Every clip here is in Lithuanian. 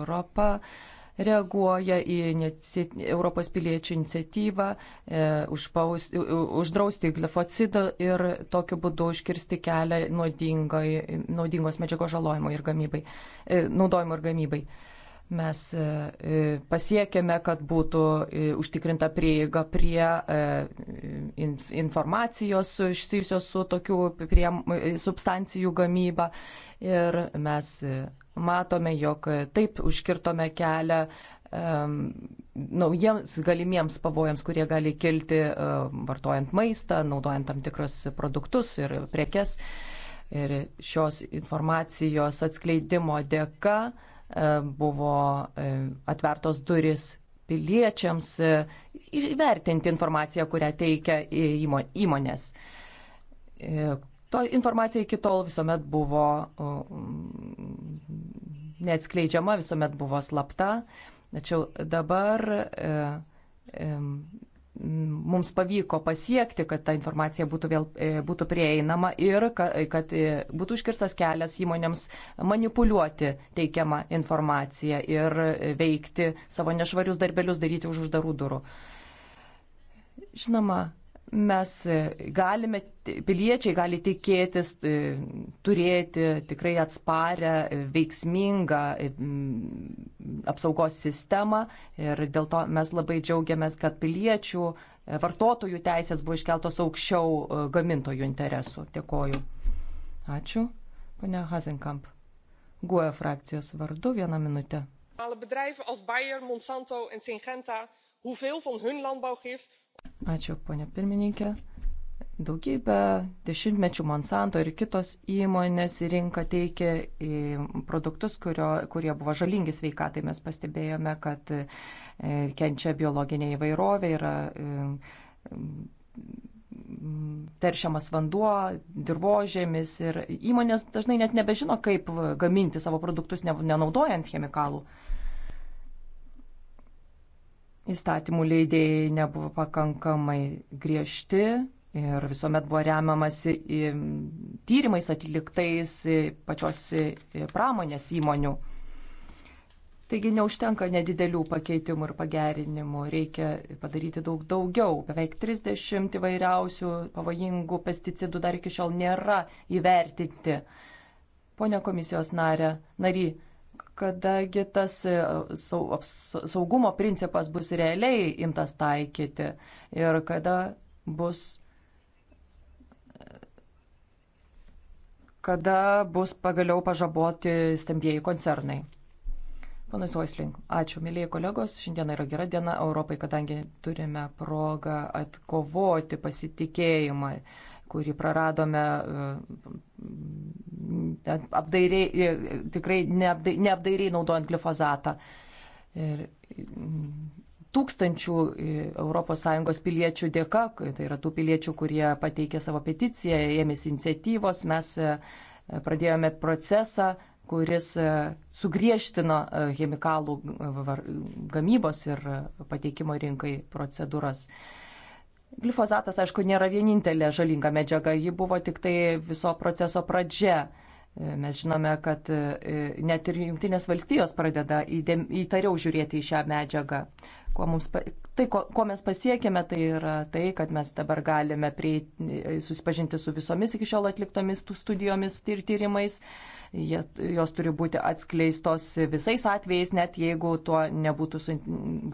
Europa reaguoja į Europos piliečių iniciatyvą e, užpaus, uždrausti glifocidą ir tokiu būdu užkirsti kelią naudingos medžiagos žalojimo ir gamybai, e, naudojimo ir gamybai. Mes e, e, pasiekėme, kad būtų e, užtikrinta prieiga prie informacijos susijusios su tokių prie substancijų gamyba ir mes matome, jog taip užkirtome kelią um, naujiems galimiems pavojams, kurie gali kilti um, vartojant maistą, naudojant tam tikrus produktus ir prekes. Ir šios informacijos atskleidimo dėka um, buvo um, atvertos duris piliečiams e, įvertinti informaciją, kurią teikia įmonės e, To informacija iki tol visuomet buvo mm, neatskleidžiama, visuomet buvo slapta, tačiau dabar e, e, mums pavyko pasiekti, kad ta informacija būtų, vėl, e, būtų prieinama ir kad būtų užkirstas kelias įmonėms manipuliuoti teikiamą informaciją ir veikti savo nešvarius darbelius daryti už uždarų durų. Žinoma, mes e, galime, piliečiai gali tikėtis e, turėti tikrai atsparę, e, veiksmingą apsaugos sistemą ir dėl to mes labai džiaugiamės, kad piliečių vartotojų teisės buvo iškeltos aukščiau gamintojų interesų. Dėkoju. Ačiū. Pane Hazenkamp. GUE frakcijos vardu vieną minutę. Bedrijven als Bayer, Monsanto en Syngenta hoeveel van hun landbouwgif Ačiū, ponė pirmininkė. Daugybę dešimtmečių Monsanto ir kitos įmonės į rinką teikė į produktus, kurio, kurie buvo žalingi sveikatai. Mes pastebėjome, kad e, kenčia biologinė įvairovė, yra e, teršiamas vanduo, dirbožėmis ir įmonės dažnai net nebežino, kaip gaminti savo produktus, nenaudojant chemikalų. Įstatymų leidėjai nebuvo pakankamai griežti ir visuomet buvo remiamasi tyrimais atliktais pačios pramonės įmonių. Taigi neužtenka nedidelių pakeitimų ir pagerinimų, reikia padaryti daug daugiau. Beveik 30 įvairiausių pavojingų pesticidų dar iki šiol nėra įvertinti. Pone komisijos narė, nary, kadangi tas e, saugumo principas bus realiai imtas taikyti ir kada bus kada bus pagaliau pažaboti stambieji koncernai. Panas Oisling, ačiū, mėlyje kolegos. Šiandiena yra gera diena Europai, kadangi turime progą atkovoti pasitikėjimą kurį praradome e, apdairiai, e, tikrai neapdairiai, neapdairiai naudojant glifozatą. Ir tūkstančių ES piliečių dėka, tai yra tų piliečių, kurie pateikė savo peticiją, ėmėsi iniciatyvos, mes e, pradėjome procesą, kuris sugriežtino chemikalų gamybos ir pateikimo rinkai procedūras. Glifozatas, aišku, nėra vienintelė žalinga medžiaga, ji buvo tik tai viso proceso pradžia. Mes žinome, kad e, net ir Junktinės valstijos pradeda įtariau žiūrėti į šią medžiagą. Kuo mums, tai, ko, ko mes pasiekėme, tai yra tai, kad mes dabar galime prie, e, susipažinti su visomis iki šiol atliktomis tų studijomis ir tyrimais. Jie, jos turi būti atskleistos visais atvejais, net jeigu tuo nebūtų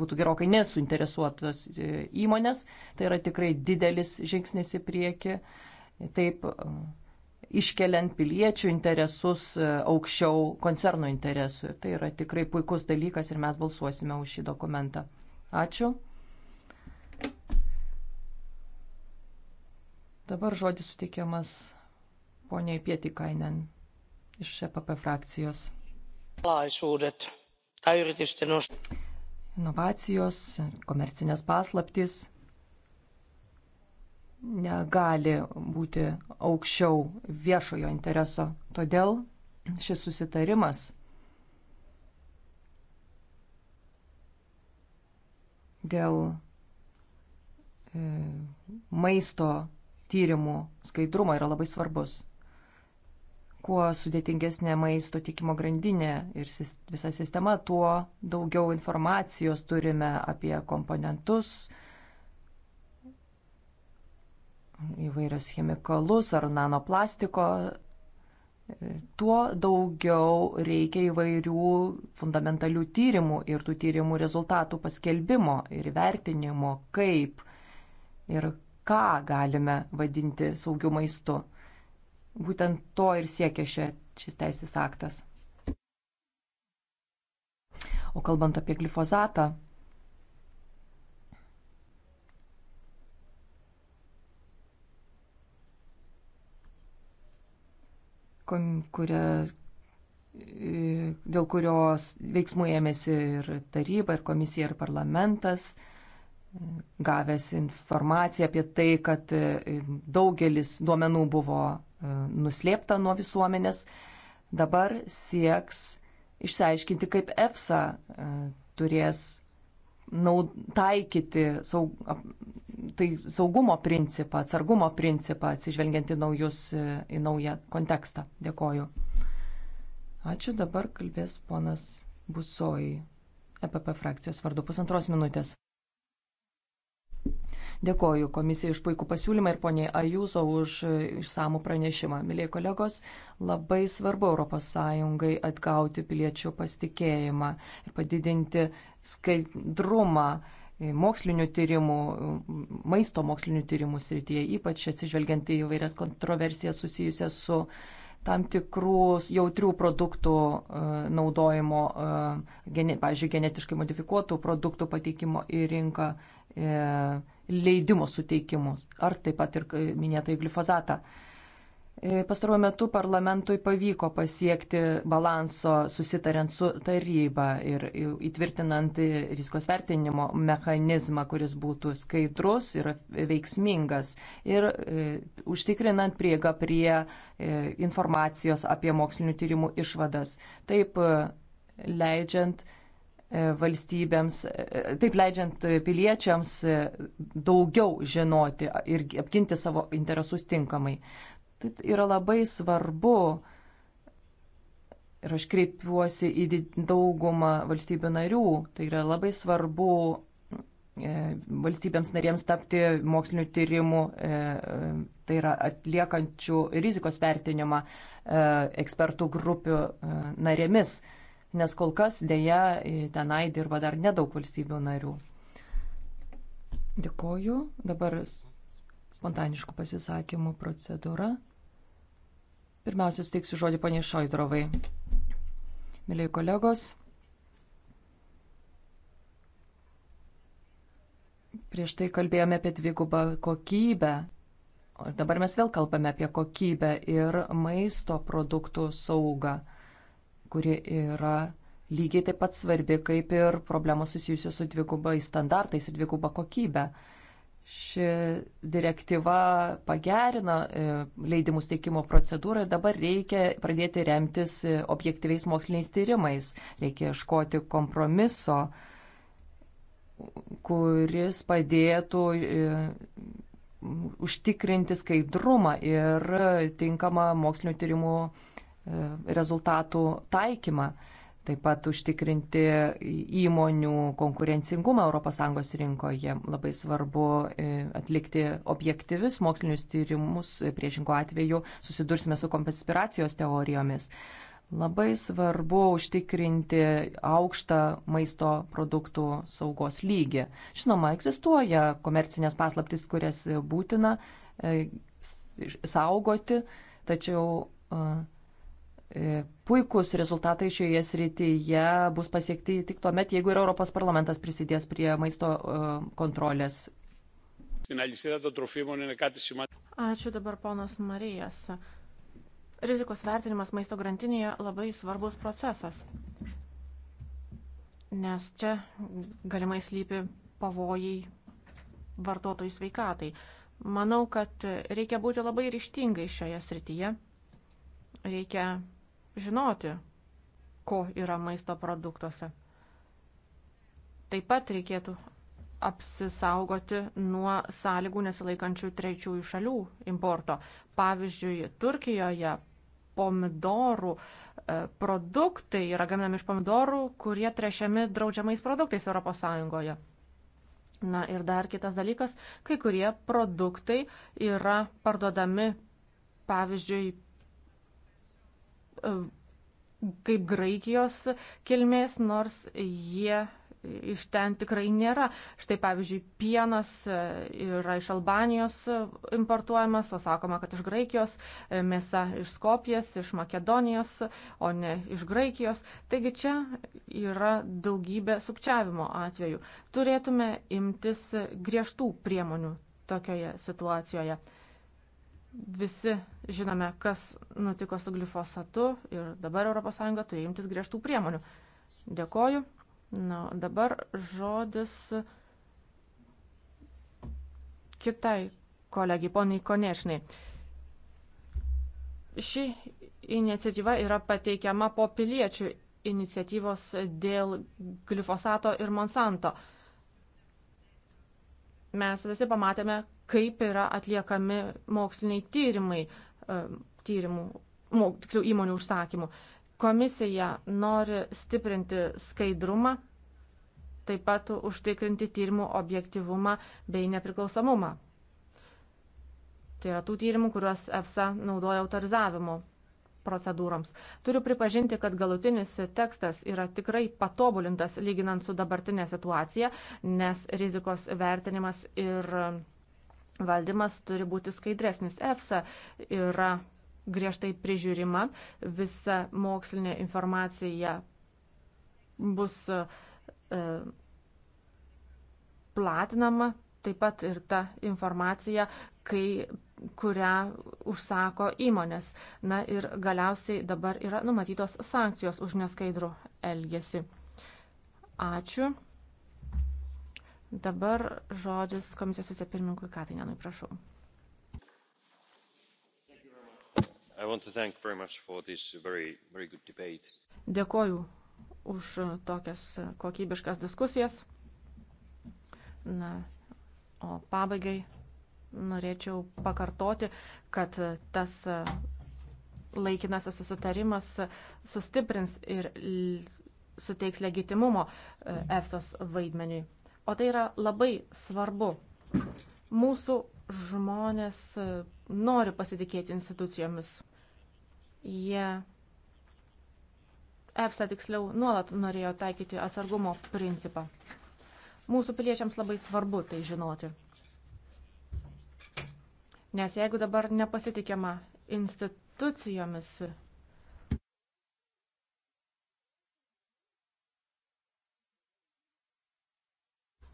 būtų gerokai nesuinteresuotos e, įmonės. Tai yra tikrai didelis žingsnis į priekį. Taip, iškeliant piliečių interesus e, aukščiau koncernų interesų. Tai yra tikrai puikus dalykas ir mes balsuosime už šį dokumentą. Ačiū. Dabar žodis suteikiamas poniai Pietikainen iš EPP frakcijos. Tai Inovacijos, komercinės paslaptys negali būti aukščiau viešojo intereso. Todėl šis susitarimas dėl e, maisto tyrimų skaidrumo yra labai svarbus. Kuo sudėtingesnė maisto tikimo grandinė ir visa sistema, tuo daugiau informacijos turime apie komponentus, įvairius chemikalus ar nanoplastiko, tuo daugiau reikia įvairių fundamentalių tyrimų ir tų tyrimų rezultatų paskelbimo ir vertinimo, kaip ir ką galime vadinti saugiu maistu. Būtent to ir siekia šia, šis teisės aktas. O kalbant apie glifozatą, kuria, e, dėl kurios veiksmų ėmėsi ir taryba, ir komisija, ir parlamentas, e, gavęs informaciją apie tai, kad e, daugelis duomenų buvo nuslėpta nuo visuomenės, dabar sieks išsiaiškinti, kaip EFSA turės naud, taikyti saug, tai saugumo principą, atsargumo principą, atsižvelgiant į, naujus, į naują kontekstą. Dėkoju. Ačiū, dabar kalbės ponas Busoji, EPP frakcijos vardu, pusantros minutės. Dėkoju komisijai už puikų pasiūlymą ir poniai Ajūzo už išsamų pranešimą. Mėlyje kolegos, labai svarbu ES atgauti piliečių pasitikėjimą ir padidinti skaidrumą e, mokslinių tyrimų, maisto mokslinių tyrimų srityje, ypač atsižvelgiant į vairias kontroversijas susijusias su tam tikrų jautrių produktų e, naudojimo, e, pavyzdžiui, genetiškai modifikuotų produktų pateikimo į rinką leidimo suteikimus, ar taip pat ir minėtai glifozatą. E, pastaruoju metu parlamentui pavyko pasiekti balanso susitariant su taryba ir įtvirtinant rizikos vertinimo mechanizmą, kuris būtų skaidrus ir veiksmingas ir e, užtikrinant prieigą prie e, informacijos apie mokslinių tyrimų išvadas. Taip leidžiant valstybėms, taip leidžiant piliečiams daugiau žinoti ir apginti savo interesus tinkamai. Tai yra labai svarbu. Ir aš kreipiuosi į daugumą valstybių narių. Tai yra labai svarbu e, valstybėms narėms tapti mokslinių tyrimų, e, e, tai yra atliekančių rizikos vertinimą ekspertų grupių narėmis, nes kol kas dėja tenai dirba dar nedaug valstybių narių. Dėkoju. Dabar spontaniškų pasisakymų procedūra. Pirmiausia, suteiksiu žodį poniai Šoidrovai. Mėlyi kolegos, prieš tai kalbėjome apie dvigubą kokybę, o dabar mes vėl kalbame apie kokybę ir maisto produktų saugą, kuri yra lygiai taip pat svarbi kaip ir problemos susijusios su dvigubais standartais ir dviguba kokybė. Ši direktyva pagerina e, leidimus teikimo procedūrą ir dabar reikia pradėti remtis e, objektyviais moksliniais tyrimais. Reikia ieškoti kompromiso, kuris padėtų e, užtikrinti skaidrumą ir tinkamą mokslinio tyrimų rezultatų taikymą taip pat užtikrinti įmonių konkurencingumą ES rinkoje. Labai svarbu e, atlikti objektyvius mokslinius tyrimus, priešingų atveju susidursime su konspiracijos teorijomis. Labai svarbu užtikrinti aukštą maisto produktų saugos lygį. Žinoma, egzistuoja komercinės paslaptis, kurias būtina e, saugoti, tačiau e, E, puikūs rezultatai šioje srityje bus pasiekti tik tuo met, jeigu ir Europos parlamentas prisidės prie maisto e, kontrolės. Ačiū dabar ponas Marijas. Rizikos vertinimas maisto grantinėje labai svarbus procesas, nes čia galimai slypi pavojai vartotojų sveikatai. Manau, kad reikia būti labai ryštingai šioje srityje. Reikia žinoti, ko yra maisto produktuose. Taip pat reikėtų apsisaugoti nuo sąlygų nesilaikančių trečiųjų šalių importo. Pavyzdžiui, Turkijoje pomidorų e, produktai yra gaminami iš pomidorų, kurie trešiami draudžiamais produktais ES. Na ir dar kitas dalykas, kai kurie produktai yra parduodami, pavyzdžiui, E, kaip Graikijos kilmės, nors jie iš ten tikrai nėra. Štai pavyzdžiui, pienas e, yra iš Albanijos e, importuojamas, o sakoma, kad iš Graikijos, mėsa iš Skopijas, iš Makedonijos, o ne iš Graikijos. Taigi čia yra daugybė sukčiavimo atvejų. Turėtume imtis griežtų priemonių tokioje situacijoje. Visi žinome, kas nutiko su glifosatu ir dabar ES turi imtis griežtų priemonių. Dėkoju. Na, dabar žodis kitai kolegijai, poniai Konešnai. Ši iniciatyva yra pateikiama po piliečių iniciatyvos dėl glifosato ir Monsanto. Mes visi pamatėme, kaip yra atliekami moksliniai tyrimai e, tyrimų, tiksliau įmonių užsakymų. Komisija nori stiprinti skaidrumą, taip pat užtikrinti tyrimų objektivumą bei nepriklausomumą. Tai yra tų tyrimų, kuriuos EFSA naudoja autorizavimo procedūroms. Turiu pripažinti, kad galutinis tekstas yra tikrai patobulintas lyginant su dabartinė situacija, nes rizikos vertinimas ir valdymas turi būti skaidresnis. EFSA yra griežtai prižiūrima, visa mokslinė informacija bus e, e, platinama, taip pat ir ta informacija, kai, kurią užsako įmonės. Na ir galiausiai dabar yra numatytos sankcijos už neskaidrų elgesį. Ačiū. Dabar žodis komisijos vicepirmininkui Katinenui, prašau. Very, very Dėkoju už tokias kokybiškas diskusijas. Na, o pabaigai norėčiau pakartoti, kad tas laikinasis susitarimas sustiprins ir suteiks legitimumo e, EFSAS vaidmeniui. O tai yra labai svarbu. Mūsų žmonės e, nori pasitikėti institucijomis. Jie EFSA tiksliau nuolat norėjo taikyti atsargumo principą. Mūsų piliečiams labai svarbu tai žinoti. Nes jeigu dabar nepasitikėma institucijomis,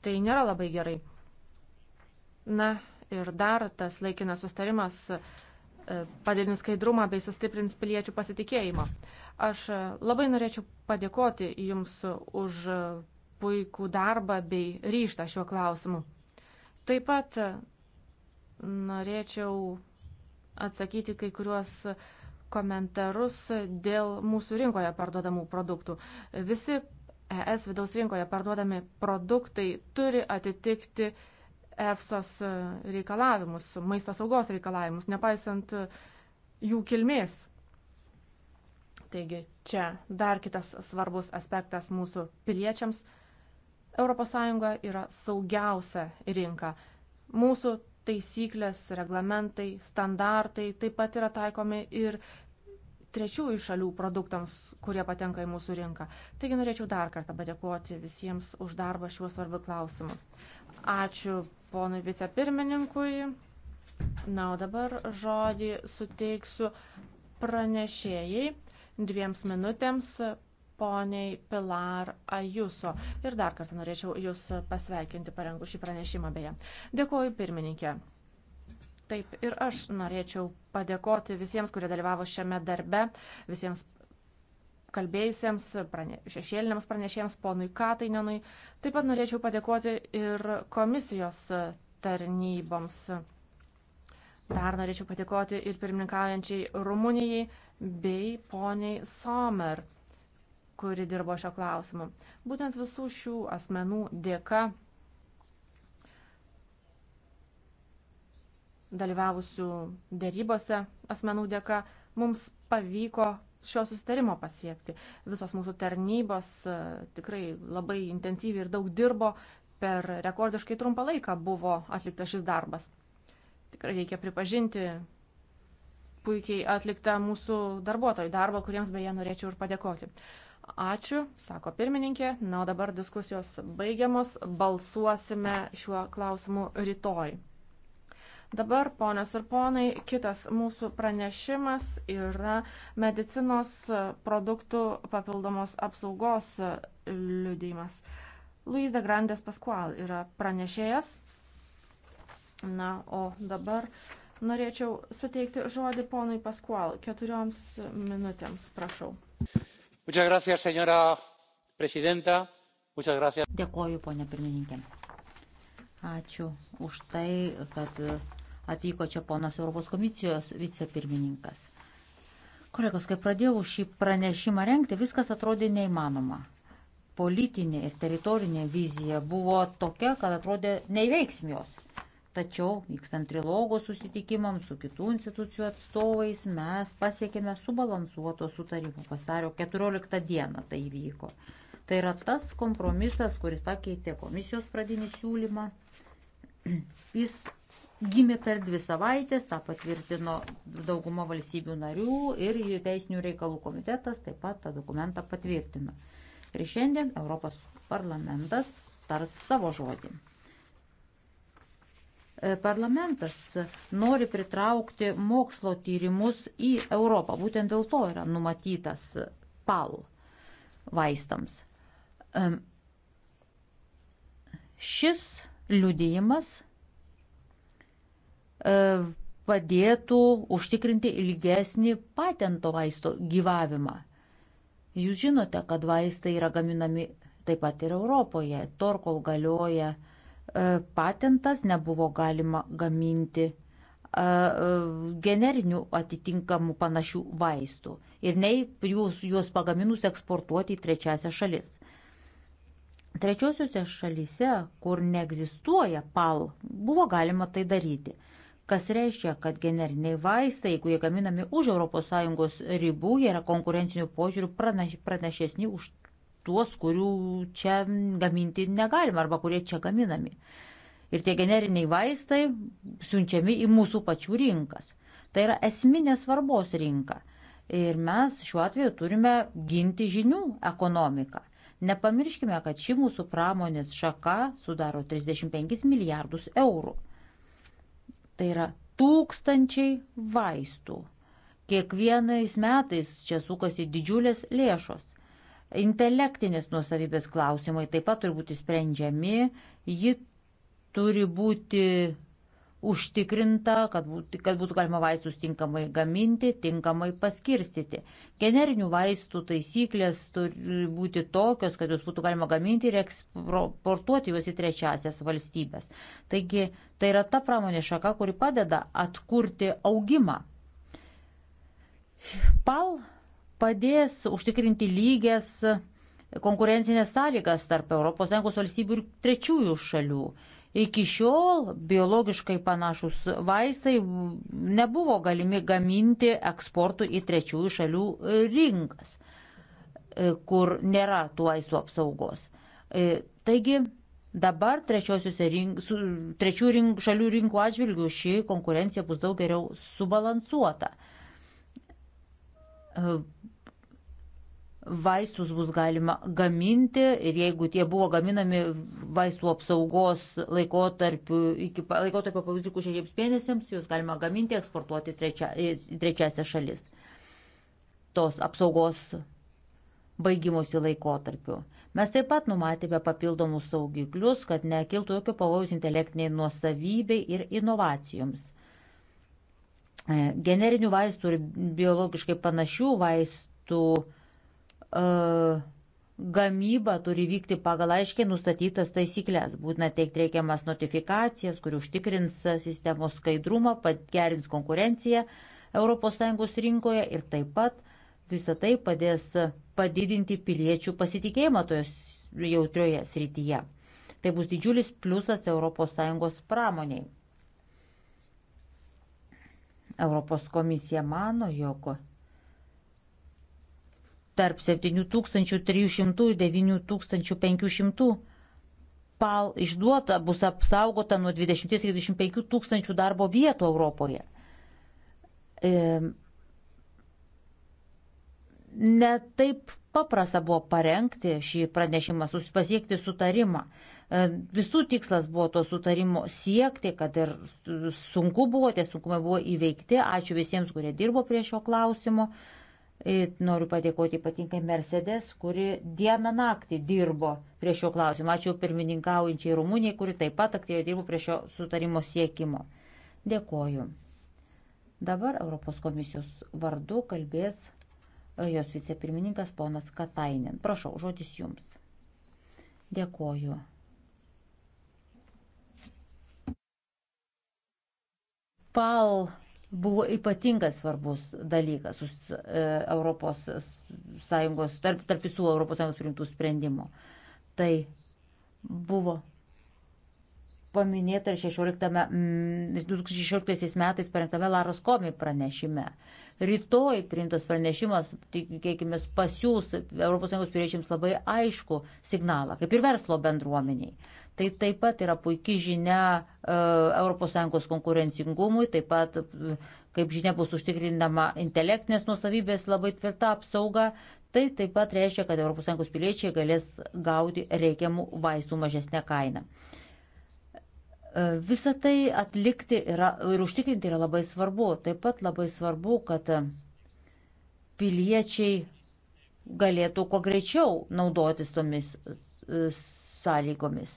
Tai nėra labai gerai. Na ir dar tas laikinas sustarimas e, padidins skaidrumą bei sustiprins piliečių pasitikėjimą. Aš e, labai norėčiau padėkoti Jums už e, puikų darbą bei ryštą šiuo klausimu. Taip pat norėčiau atsakyti kai kuriuos komentarus dėl mūsų rinkoje parduodamų produktų. Visi ES vidaus rinkoje parduodami produktai turi atitikti EFSOS reikalavimus, maisto saugos reikalavimus, nepaisant jų kilmės. Taigi čia dar kitas svarbus aspektas mūsų piliečiams. ES yra saugiausia rinka. Mūsų taisyklės, reglamentai, standartai taip pat yra taikomi ir trečiųjų šalių produktams, kurie patenka į mūsų rinką. Taigi norėčiau dar kartą padėkoti visiems už darbą šiuo svarbiu klausimu. Ačiū ponui vicepirmininkui. Na, o dabar žodį suteiksiu pranešėjai dviems minutėms poniai Pilar Ajuso. Ir dar kartą norėčiau Jūs pasveikinti parengus šį pranešimą beje. Dėkuoju pirmininkė. Taip, ir aš norėčiau padėkoti visiems, kurie dalyvavo šiame darbe, visiems kalbėjusiems, prane, šešėliniams pranešėjams, ponui Katainenui. Taip pat norėčiau padėkoti ir komisijos tarnyboms. Dar norėčiau padėkoti ir pirmininkaujančiai Rumunijai bei poniai Somer, kuri dirbo šio klausimu. Būtent visų šių asmenų dėka dalyvavusių dėrybose asmenų dėka mums pavyko šio sustarimo pasiekti. Visos mūsų tarnybos e, tikrai labai intensyviai ir daug dirbo, per rekordiškai trumpą laiką buvo atliktas šis darbas. Tikrai reikia pripažinti puikiai atliktą mūsų darbuotojų darbą, kuriems beje norėčiau ir padėkoti. Ačiū, sako pirmininkė. Na, o dabar diskusijos baigiamos. Balsuosime šiuo klausimu rytoj. Dabar, ponios ir ponai, kitas mūsų pranešimas yra medicinos produktų papildomos apsaugos liudėjimas. Luis de Grandes Pasqual yra pranešėjas. Na, o dabar norėčiau suteikti žodį ponui Pasqual. Keturioms minutėms, prašau. Gracias, Dėkoju, ponia pirmininkė. Ačiū už tai, kad Atvyko čia ponas Europos komisijos vicepirmininkas. Kolegos, kai pradėjau šį pranešimą renkti, viskas atrodė neįmanoma. Politinė ir teritorinė vizija buvo tokia, kad atrodė neįveiksim jos. Tačiau, vykstant trilogo susitikimams su kitų institucijų atstovais, mes pasiekėme subalansuoto sutarimo vasario 14 dieną tai įvyko. Tai yra tas kompromisas, kuris pakeitė komisijos pradinį siūlymą. Jis gimė per dvi savaitės, tą patvirtino dauguma valstybių narių ir teisinių reikalų komitetas taip pat tą dokumentą patvirtino. Ir šiandien Europos parlamentas tars savo žodį. E, parlamentas nori pritraukti mokslo tyrimus į Europą. Būtent dėl to yra numatytas PAL vaistams. E, šis liudijimas E, padėtų užtikrinti ilgesnį patento vaisto gyvavimą. Jūs žinote, kad vaistai yra gaminami taip pat ir Europoje. Tor, kol galioja e, patentas, nebuvo galima gaminti e, generinių atitinkamų panašių vaistų ir nei jūs, juos pagaminus eksportuoti į trečiasią šalis. Trečiosiuose šalyse, kur neegzistuoja PAL, buvo galima tai daryti kas reiškia, kad generiniai vaistai, jeigu jie gaminami už ES ribų, jie yra konkurencinių požiūrių pranašesni už tuos, kurių čia gaminti negalima arba kurie čia gaminami. Ir tie generiniai vaistai siunčiami į mūsų pačių rinkas. Tai yra esminės svarbos rinka. Ir mes šiuo atveju turime ginti žinių ekonomiką. Nepamirškime, kad ši mūsų pramonės šaka sudaro 35 milijardus eurų. Tai yra tūkstančiai vaistų. Kiekvienais metais čia sukasi didžiulės lėšos. Intelektinės nuosavybės klausimai taip pat turi būti sprendžiami, ji turi būti užtikrinta, kad būtų, kad būtų galima vaistus tinkamai gaminti, tinkamai paskirstyti. Generinių vaistų taisyklės turi būti tokios, kad juos būtų galima gaminti ir eksportuoti juos į trečiasias valstybės. Taigi tai yra ta pramonė šaka, kuri padeda atkurti augimą. PAL padės užtikrinti lygias konkurencinės sąlygas tarp ES valstybių ir trečiųjų šalių. Iki šiol biologiškai panašus vaistai nebuvo galimi gaminti eksportui į trečiųjų šalių rinkas, e, kur nėra tų vaistų apsaugos. E, taigi dabar rink, trečių rink, šalių rinkų atžvilgių ši konkurencija bus daug geriau subalansuota e, vaistus bus galima gaminti ir jeigu tie buvo gaminami vaistų apsaugos laikotarpiu iki laikotarpio pavykų šešiems mėnesiams, juos galima gaminti, eksportuoti trečia, į trečiasią šalis. Tos apsaugos baigimosi laikotarpiu. Mes taip pat numatėme papildomus saugiklius, kad nekiltų jokio pavojus intelektiniai nuosavybei ir inovacijoms. E, generinių vaistų ir biologiškai panašių vaistų uh, gamyba turi vykti pagal aiškiai nustatytas taisyklės. Būtina teikti reikiamas notifikacijas, kur užtikrins sistemos skaidrumą, pagerins konkurenciją ES rinkoje ir taip pat visą tai padės padidinti piliečių pasitikėjimą toje jautrioje srityje. Tai bus didžiulis pliusas ES pramoniai. Europos komisija mano, jog tarp 7300 ir 9500 pal išduota bus apsaugota nuo 20 iki 25 tūkstančių darbo vietų Europoje. E, Netaip paprasta buvo parengti šį pranešimą, pasiekti sutarimą. E, visų tikslas buvo to sutarimo siekti, kad ir sunku buvo, tie sunkumai buvo įveikti. Ačiū visiems, kurie dirbo prie šio klausimo. Noriu padėkoti ypatingai Mercedes, kuri dieną naktį dirbo prie šio klausimo. Ačiū pirmininkaujančiai Rumunijai, kuri taip pat aktyviai dirbo prie šio sutarimo siekimo. Dėkoju. Dabar Europos komisijos vardu kalbės e, jos vicepirmininkas ponas Katainen. Prašau, žodis jums. Dėkoju. PAL buvo ypatingai svarbus dalykas už e, Europos Sąjungos, tarp, tarp visų Europos Sąjungos priimtų sprendimų. Tai buvo paminėta ir 16, 2016 metais parengtame Laros Komi pranešime. Rytoj priimtas pranešimas, tikėkime, pasiūs ES piliečiams labai aišku signalą, kaip ir verslo bendruomeniai. Tai taip pat yra puikia žinia ES konkurencingumui, taip pat, e, kaip žinia, bus užtikrinama intelektinės nusavybės labai tvirta apsauga. Tai taip pat reiškia, kad ES piliečiai galės gauti reikiamų vaistų mažesnę kainą. E, Visą tai atlikti yra, ir užtikrinti yra labai svarbu. Taip pat labai svarbu, kad piliečiai galėtų kuo greičiau naudotis tomis e, sąlygomis.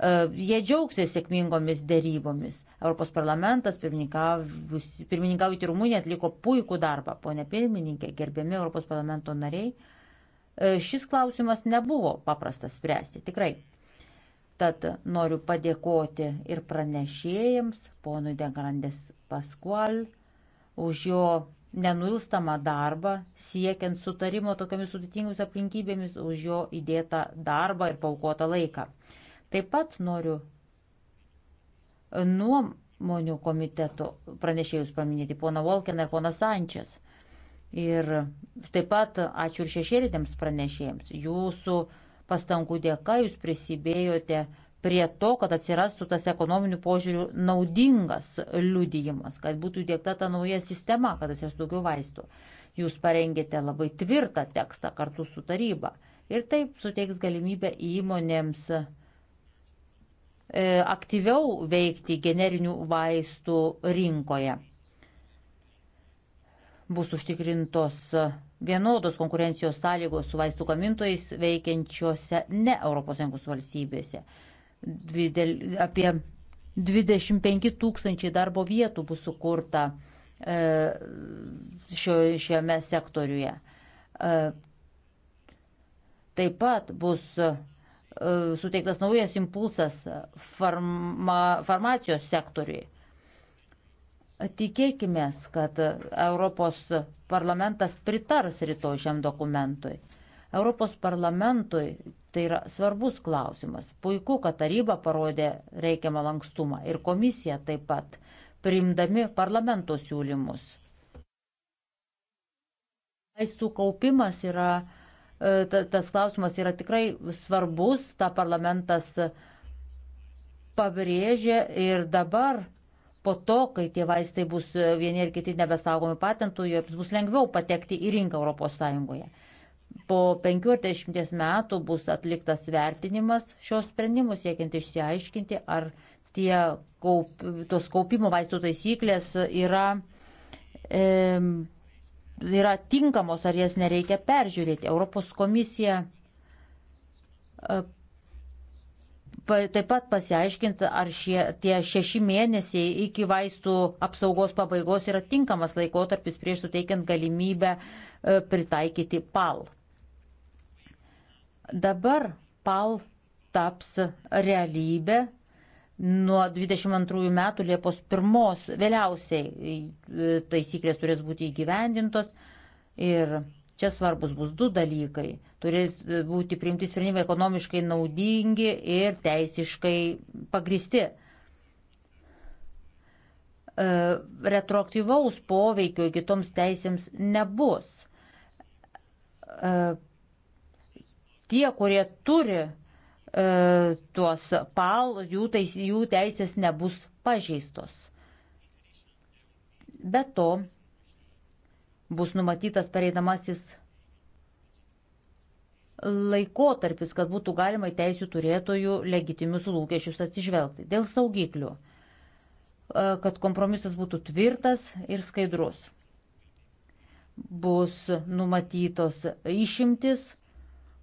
E, jie džiaugsis sėkmingomis dėrybomis. Europos parlamentas pirmininkaujantį Rumuniją atliko puikų darbą. Pone pirmininkė, gerbiami Europos parlamento nariai, e, šis klausimas nebuvo paprastas spręsti, tikrai. Tad noriu padėkoti ir pranešėjams, ponui Degrandės Paskual, už jo nenuilstamą darbą, siekiant sutarimo tokiamis sudėtingomis aplinkybėmis, už jo įdėtą darbą ir paukotą laiką. Taip pat noriu nuomonių komiteto pranešėjus paminėti, pona Volken ir pona Sančias. Ir taip pat ačiū ir šešėlėtėms pranešėjams. Jūsų pastangų dėka jūs prisidėjote prie to, kad atsirastų tas ekonominių požiūrių naudingas liudijimas, kad būtų įdėkta ta nauja sistema, kad atsirastų daugiau vaistų. Jūs parengėte labai tvirtą tekstą kartu su taryba ir taip suteiks galimybę įmonėms uh, E, aktyviau veikti generinių vaistų rinkoje. Bus užtikrintos vienodos konkurencijos sąlygos su vaistų gamintojais veikiančiose ne ES valstybėse. Dvidel, apie 25 tūkstančiai darbo vietų bus sukurta e, šio, šiame sektoriuje. E, taip pat bus suteiktas naujas impulsas farma, farmacijos sektoriui. Tikėkime, kad Europos parlamentas pritars rytoj šiam dokumentui. Europos parlamentui tai yra svarbus klausimas. Puiku, kad taryba parodė reikiamą lankstumą ir komisija taip pat, priimdami parlamento siūlymus. Vaistų kaupimas yra tas klausimas yra tikrai svarbus, tą parlamentas pabrėžė ir dabar po to, kai tie vaistai bus vieni ir kiti nebesaugomi patentų, jiems bus lengviau patekti į rinką ES. Po 50 metų bus atliktas vertinimas šios sprendimus, siekiant išsiaiškinti, ar tie kaup, tos kaupimo vaistų taisyklės yra e, yra tinkamos, ar jas nereikia peržiūrėti. Europos komisija e, taip pat pasiaiškinti, ar šie, tie šeši mėnesiai iki vaistų apsaugos pabaigos yra tinkamas laikotarpis prieš suteikiant galimybę e, pritaikyti PAL. Dabar PAL taps realybė Nuo 22 metų Liepos 1 vėliausiai e, taisyklės turės būti įgyvendintos ir čia svarbus bus du dalykai. Turės e, būti priimti sprendimai ekonomiškai naudingi ir teisiškai pagristi e, retroaktyvaus poveikio kitoms teisėms nebus. Tie, kurie turi E, tuos pal, jų, teis, jų teisės nebus pažeistos. Be to, bus numatytas pereinamasis laikotarpis, kad būtų galima į teisų turėtojų legitimius lūkesčius atsižvelgti dėl saugiklių, e, kad kompromisas būtų tvirtas ir skaidrus. Bus numatytos išimtis,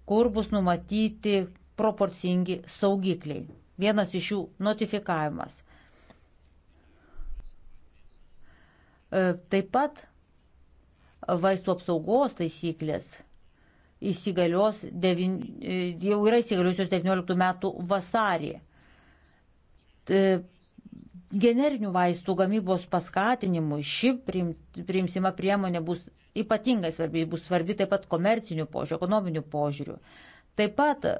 kur bus numatyti proporcingi saugikliai. Vienas iš jų - notifikavimas. E, taip pat vaistų apsaugos taisyklės įsigalios, devin, e, jau yra įsigaliosios 19 metų vasarį. E, generinių vaistų gamybos paskatinimui ši priimsima priemonė bus ypatingai svarbi, bus svarbi taip pat komercinių požiūrių, ekonominių požiūrių. Taip pat e,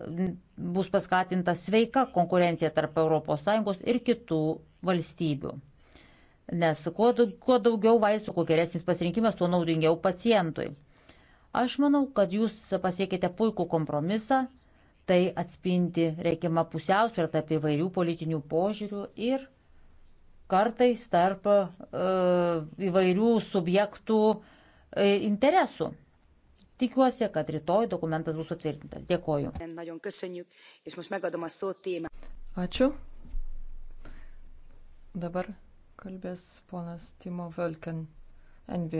bus paskatinta sveika konkurencija tarp ES ir kitų valstybių. Nes kuo, kuo daugiau vaistų, kuo geresnis pasirinkimas, tuo naudingiau pacientui. Aš manau, kad jūs pasiekite puikų kompromisą, tai atspindi reikiamą pusiausvyrą tarp įvairių politinių požiūrių ir kartais tarp e, įvairių subjektų e, interesų. Tikiuosi, kad rytoj dokumentas bus patvirtintas. Dėkoju. Ačiū. Dabar kalbės ponas Timo Völken, NV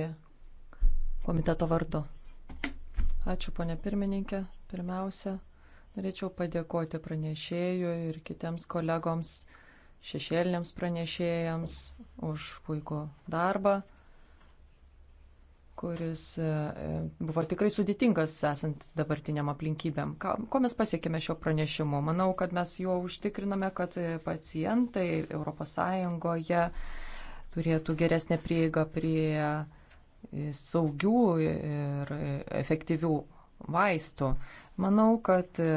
komiteto vardu. Ačiū, ponė pirmininkė. Pirmiausia, norėčiau padėkoti pranešėjui ir kitiems kolegoms, šešėliniams pranešėjams už puikų darbą kuris e, buvo tikrai sudėtingas esant dabartiniam aplinkybėm. Ką, ko mes pasiekėme šio pranešimu? Manau, kad mes juo užtikriname, kad pacientai ES turėtų geresnę prieigą prie e, saugių ir efektyvių vaistų. Manau, kad e,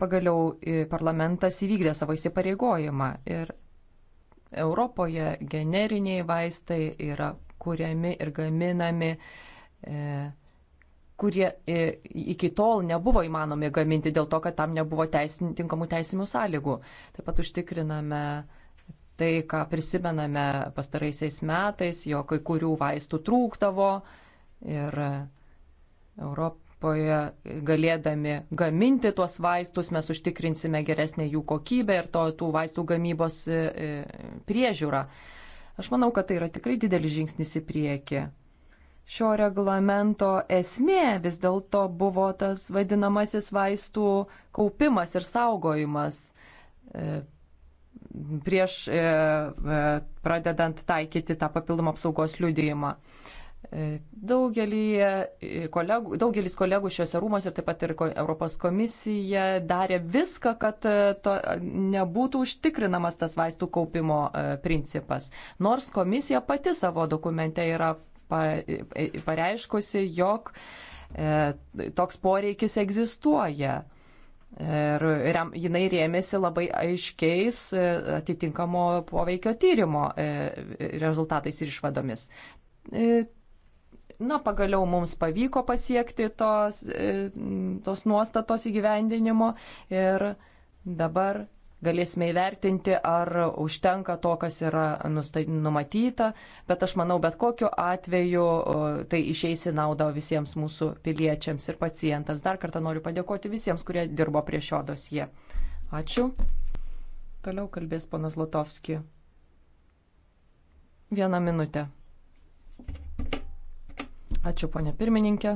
pagaliau parlamentas įvykdė savo įsipareigojimą ir Europoje generiniai vaistai yra kuriami ir gaminami, e, kurie e, iki tol nebuvo įmanomi gaminti dėl to, kad tam nebuvo teisin, tinkamų teisinių sąlygų. Taip pat užtikriname tai, ką prisimename pastaraisiais metais, jo kai kurių vaistų trūkdavo ir Europoje galėdami gaminti tuos vaistus mes užtikrinsime geresnę jų kokybę ir to, tų vaistų gamybos e, priežiūrą. Aš manau, kad tai yra tikrai didelis žingsnis į priekį. Šio reglamento esmė vis dėlto buvo tas vadinamasis vaistų kaupimas ir saugojimas e, prieš e, e, pradedant taikyti tą papildomą apsaugos liudijimą. E, daugelį e, kolegų, daugelis kolegų šiuose rūmose, taip pat ir Europos komisija, darė viską, kad e, to, nebūtų užtikrinamas tas vaistų kaupimo principas. Nors komisija pati savo dokumente yra pa, pareiškusi, jog e, toks poreikis egzistuoja. Ir rem, jinai rėmėsi labai aiškiais atitinkamo poveikio tyrimo rezultatais ir išvadomis na, pagaliau mums pavyko pasiekti tos, e, tos nuostatos įgyvendinimo ir dabar galėsime įvertinti, ar užtenka to, kas yra numatyta, bet aš manau, bet kokiu atveju tai išeisi naudą visiems mūsų piliečiams ir pacientams. Dar kartą noriu padėkoti visiems, kurie dirbo prie šio dosie. Ačiū. Toliau kalbės ponas Lotovski. Vieną minutę. Ačiū, ponė pirmininkė.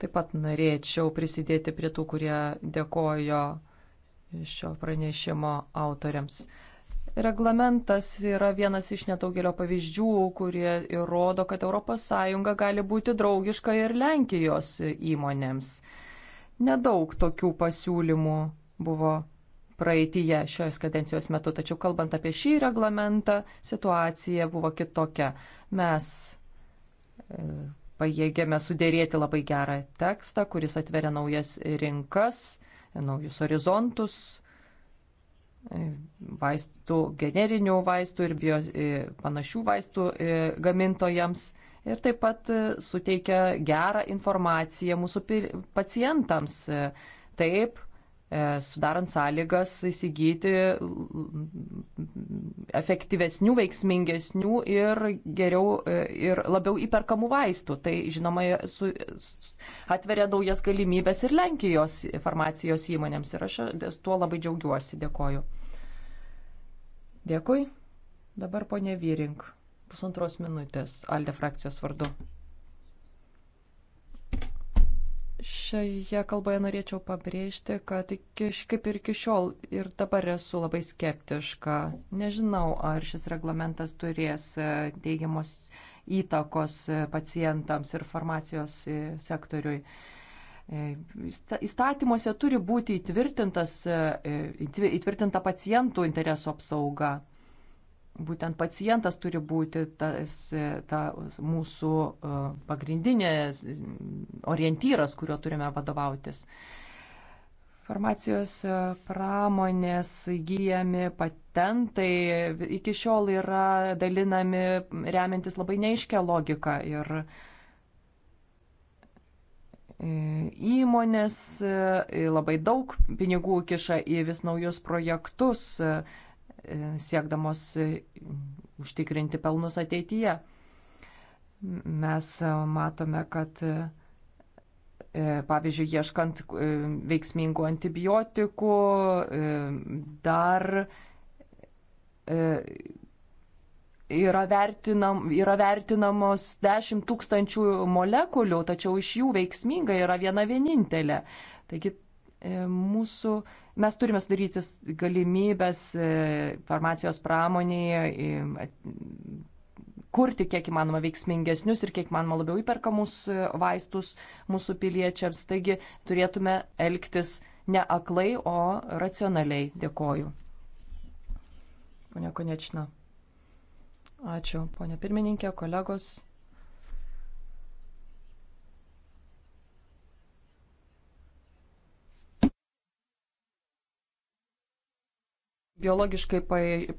Taip pat norėčiau prisidėti prie tų, kurie dėkojo šio pranešimo autoriams. Reglamentas yra vienas iš netaugelio pavyzdžių, kurie įrodo, kad ES gali būti draugiška ir Lenkijos įmonėms. Nedaug tokių pasiūlymų buvo praeitįje šios kadencijos metu, tačiau kalbant apie šį reglamentą, situacija buvo kitokia. Mes pajėgėme sudėrėti labai gerą tekstą, kuris atveria naujas rinkas, naujus horizontus, vaistų, generinių vaistų ir bio, e, panašių vaistų e, gamintojams. Ir taip pat e, suteikia gerą informaciją mūsų pacientams. Taip, E, sudarant sąlygas įsigyti efektyvesnių, veiksmingesnių ir geriau e, ir labiau įperkamų vaistų. Tai, žinoma, su, atveria naujas galimybės ir Lenkijos farmacijos įmonėms. Ir aš tuo labai džiaugiuosi. Dėkoju. Dėkui. Dabar ponė Vyrink. Pusantros minutės Alde frakcijos vardu. Šioje kalboje norėčiau pabrėžti, kad iki, kaip ir iki šiol ir dabar esu labai skeptiška. Nežinau, ar šis reglamentas turės e, teigiamos įtakos e, pacientams ir farmacijos e, sektoriui. Įstatymuose turi būti įtvirtintas, įtvirtinta pacientų interesų apsauga būtent pacientas turi būti tas ta mūsų e, pagrindinė orientyras, kuriuo turime vadovautis. Farmacijos e, pramonės įgyjami patentai iki šiol yra dalinami remiantis labai neiškia logika ir e, įmonės labai daug pinigų kiša į vis naujus projektus, E, siekdamos e, užtikrinti pelnus ateityje. Mes e, matome, kad pavyzdžiui, ieškant veiksmingų antibiotikų, dar yra, vertinam, yra vertinamos 10 tūkstančių molekulių, tačiau iš jų veiksminga yra viena vienintelė. Taigi E, mūsų, mes turime sudaryti galimybės e, farmacijos pramonėje e, kurti kiek įmanoma veiksmingesnius ir kiek įmanoma labiau įperkamus vaistus mūsų piliečiams. Taigi turėtume elgtis ne aklai, o racionaliai. Dėkoju. Pone Konečna. Ačiū, ponė pirmininkė, kolegos. biologiškai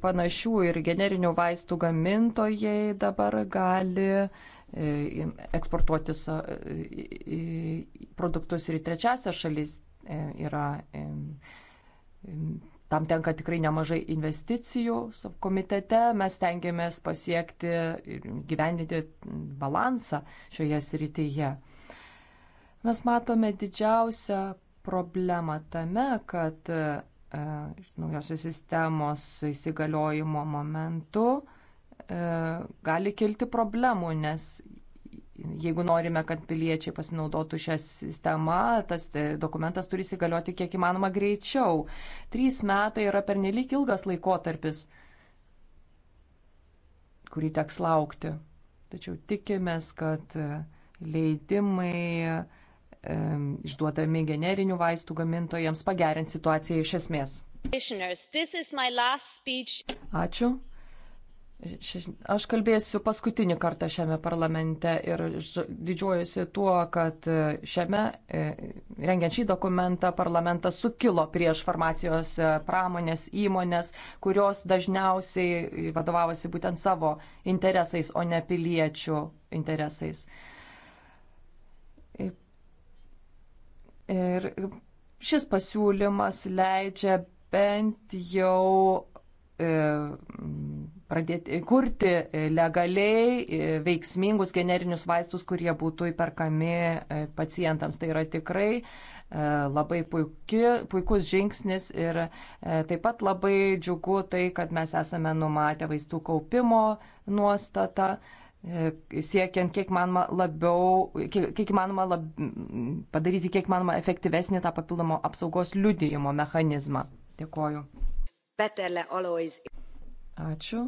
panašių ir generinių vaistų gamintojai dabar gali e, eksportuoti produktus ir į trečiasią šalis. E, yra, tam tenka tikrai nemažai investicijų. Komitete mes tengiamės pasiekti ir gyvendinti balansą šioje srityje. Mes matome didžiausią problemą tame, kad E, naujosios sistemos įsigaliojimo momentu e, gali kilti problemų, nes jeigu norime, kad piliečiai pasinaudotų šią sistemą, tas e, dokumentas turi įsigalioti kiek įmanoma greičiau. Trys metai yra pernelyg ilgas laikotarpis, kurį teks laukti. Tačiau tikimės, kad leidimai išduodami generinių vaistų gamintojams pagerint situaciją iš esmės. Ačiū. Aš kalbėsiu paskutinį kartą šiame parlamente ir didžiuojusi tuo, kad e, šiame, e, rengiant šį dokumentą, parlamentas sukilo prieš farmacijos e, pramonės įmonės, kurios dažniausiai vadovavosi būtent savo interesais, o ne piliečių interesais. Ir šis pasiūlymas leidžia bent jau e, pradėti kurti legaliai e, veiksmingus generinius vaistus, kurie būtų įperkami e, pacientams. Tai yra tikrai labai puiki, puikus žingsnis ir taip pat labai džiugu tai, kad mes esame numatę vaistų kaupimo nuostatą E, siekiant kiek manoma labiau, kiek, kiek manoma lab, padaryti kiek manoma efektyvesnį tą papildomą apsaugos liudijimo mechanizmą. Dėkoju. Peterle Alois. Ačiū.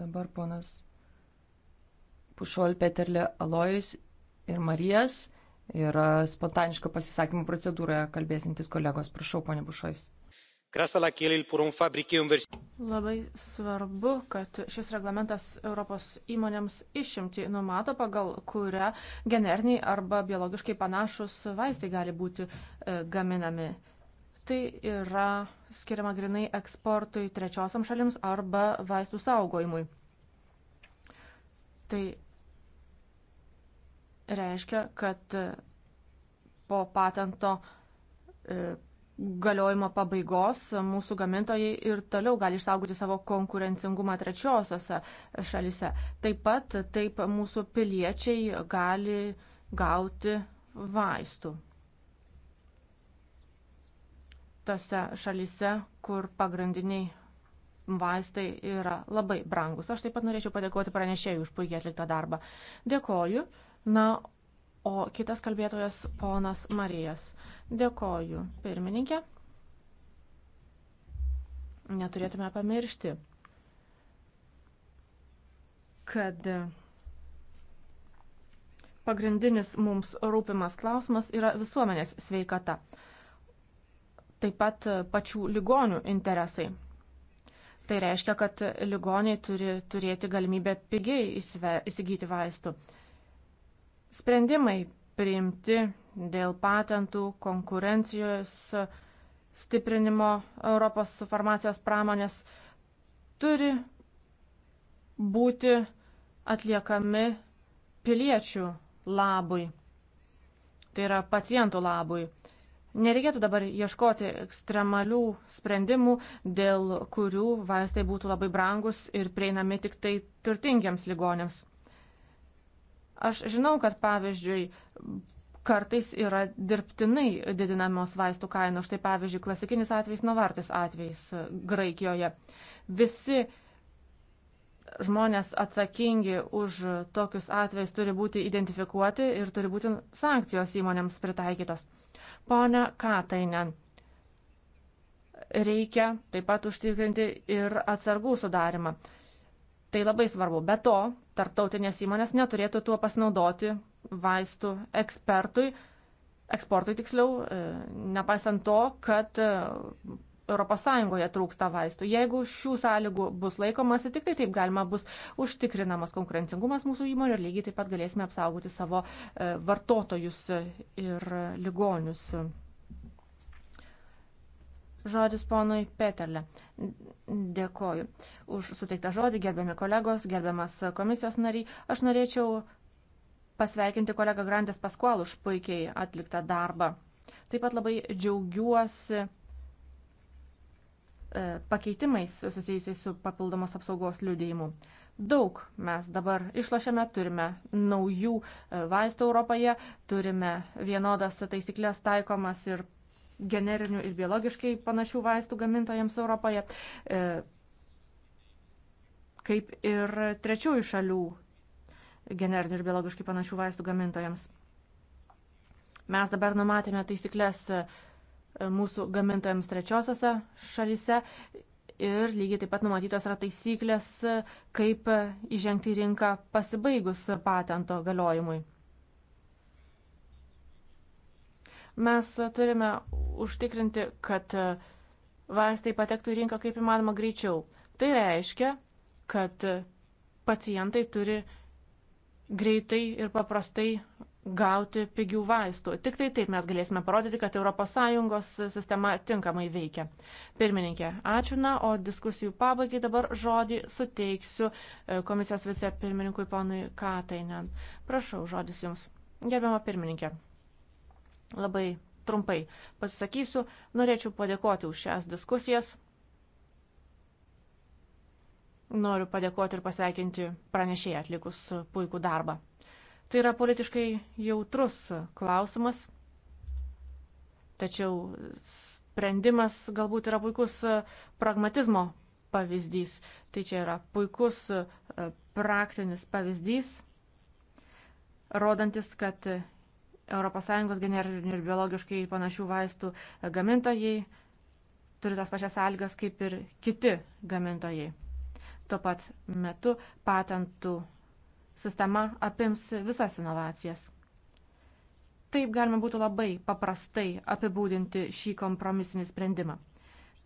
Dabar ponas Pušol Peterle Alois ir Marijas yra spontaniško pasisakymo procedūroje kalbėsintis kolegos. Prašau, ponė Bušojus. Labai svarbu, kad šis reglamentas Europos įmonėms išimti numato, pagal kurią generiniai arba biologiškai panašus vaistai gali būti e, gaminami. Tai yra skiriama grinai eksportui trečiosiam šalims arba vaistų saugojimui. Tai reiškia, kad e, po patento e, galiojimo pabaigos mūsų gamintojai ir toliau gali išsaugoti savo konkurencingumą trečiosiose šalise. Taip pat taip mūsų piliečiai gali gauti vaistų tose šalise, kur pagrindiniai vaistai yra labai brangus. Aš taip pat norėčiau padėkoti pranešėjui už puikiai atliktą darbą. Dėkoju. Na, o kitas kalbėtojas ponas Marijas. Dėkoju, pirmininkė. Neturėtume pamiršti, kad pagrindinis mums rūpimas klausimas yra visuomenės sveikata, taip pat pačių ligonių interesai. Tai reiškia, kad ligoniai turi turėti galimybę pigiai įsigyti vaistų. Sprendimai priimti dėl patentų, konkurencijos stiprinimo Europos farmacijos pramonės turi būti atliekami piliečių labui, tai yra pacientų labui. Nereikėtų dabar ieškoti ekstremalių sprendimų, dėl kurių vaistai būtų labai brangus ir prieinami tik tai turtingiams ligonėms. Aš žinau, kad pavyzdžiui, kartais yra dirbtinai didinamos vaistų kainos. Štai pavyzdžiui, klasikinis atvejs, Novartis atvejs e, Graikijoje. Visi žmonės atsakingi už tokius atvejus turi būti identifikuoti ir turi būti sankcijos įmonėms pritaikytos. Pone Katainen, reikia taip pat užtikrinti ir atsargų sudarimą. Tai labai svarbu. Be to, tarptautinės įmonės neturėtų tuo pasinaudoti vaistų ekspertui, eksportui tiksliau, e, nepaisant to, kad ES trūksta vaistų. Jeigu šių sąlygų bus laikomasi, tik tai taip galima bus užtikrinamas konkurencingumas mūsų įmonių ir lygiai taip pat galėsime apsaugoti savo e, vartotojus ir ligonius. Žodis ponui Peterle. Dėkoju už suteiktą žodį, gerbiami kolegos, gerbiamas komisijos nariai. Aš norėčiau pasveikinti kolegą Grandės Paskual už puikiai atliktą darbą. Taip pat labai džiaugiuosi e, pakeitimais susijusiais su papildomos apsaugos liudėjimu. Daug mes dabar išlošiame, turime naujų e, vaistų Europoje, turime vienodas taisyklės taikomas ir generinių ir biologiškai panašių vaistų gamintojams Europoje, e, kaip ir trečiųjų šalių generinių ir biologiškai panašių vaistų gamintojams. Mes dabar numatėme taisyklės e, mūsų gamintojams trečiosiose šalyse ir lygiai taip pat numatytos yra taisyklės, kaip įžengti į rinką pasibaigus patento galiojimui. Mes turime užtikrinti, kad vaistai patektų į rinką kaip įmanoma greičiau. Tai reiškia, kad pacientai turi greitai ir paprastai gauti pigių vaistų. Tik tai taip mes galėsime parodyti, kad ES sistema tinkamai veikia. Pirmininkė, ačiū, na, o diskusijų pabaigai dabar žodį suteiksiu e, komisijos vicepirmininkui ponui Katainen. Prašau, žodis jums. Gerbiama pirmininkė. Labai trumpai pasisakysiu. Norėčiau padėkoti už šias diskusijas. Noriu padėkoti ir pasveikinti pranešėjai atlikus puikų darbą. Tai yra politiškai jautrus klausimas, tačiau sprendimas galbūt yra puikus pragmatizmo pavyzdys. Tai čia yra puikus e, praktinis pavyzdys, rodantis, kad ES generinių ir biologiškai panašių vaistų gamintojai turi tas pačias sąlygas kaip ir kiti gamintojai. Tuo pat metu patentų sistema apims visas inovacijas. Taip galima būtų labai paprastai apibūdinti šį kompromisinį sprendimą.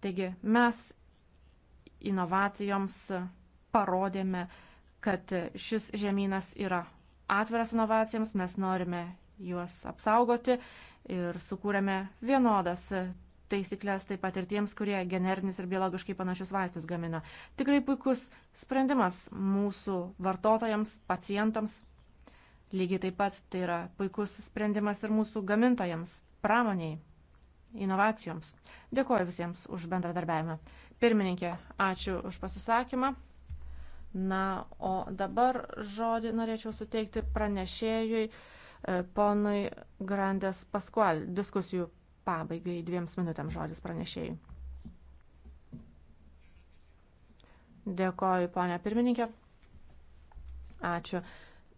Taigi mes inovacijoms parodėme, kad šis žemynas yra atviras inovacijoms, mes norime juos apsaugoti ir sukūrėme vienodas taisyklės taip pat ir tiems, kurie generinius ir biologiškai panašius vaistus gamina. Tikrai puikus sprendimas mūsų vartotojams, pacientams. Lygiai taip pat tai yra puikus sprendimas ir mūsų gamintojams, pramoniai, inovacijoms. Dėkuoju visiems už bendradarbiavimą. Pirmininkė, ačiū už pasisakymą. Na, o dabar žodį norėčiau suteikti pranešėjui. Ponui Grandes Paskual, diskusijų pabaigai dviems minutėms žodis pranešėjai. Dėkoju, ponia pirmininkė. Ačiū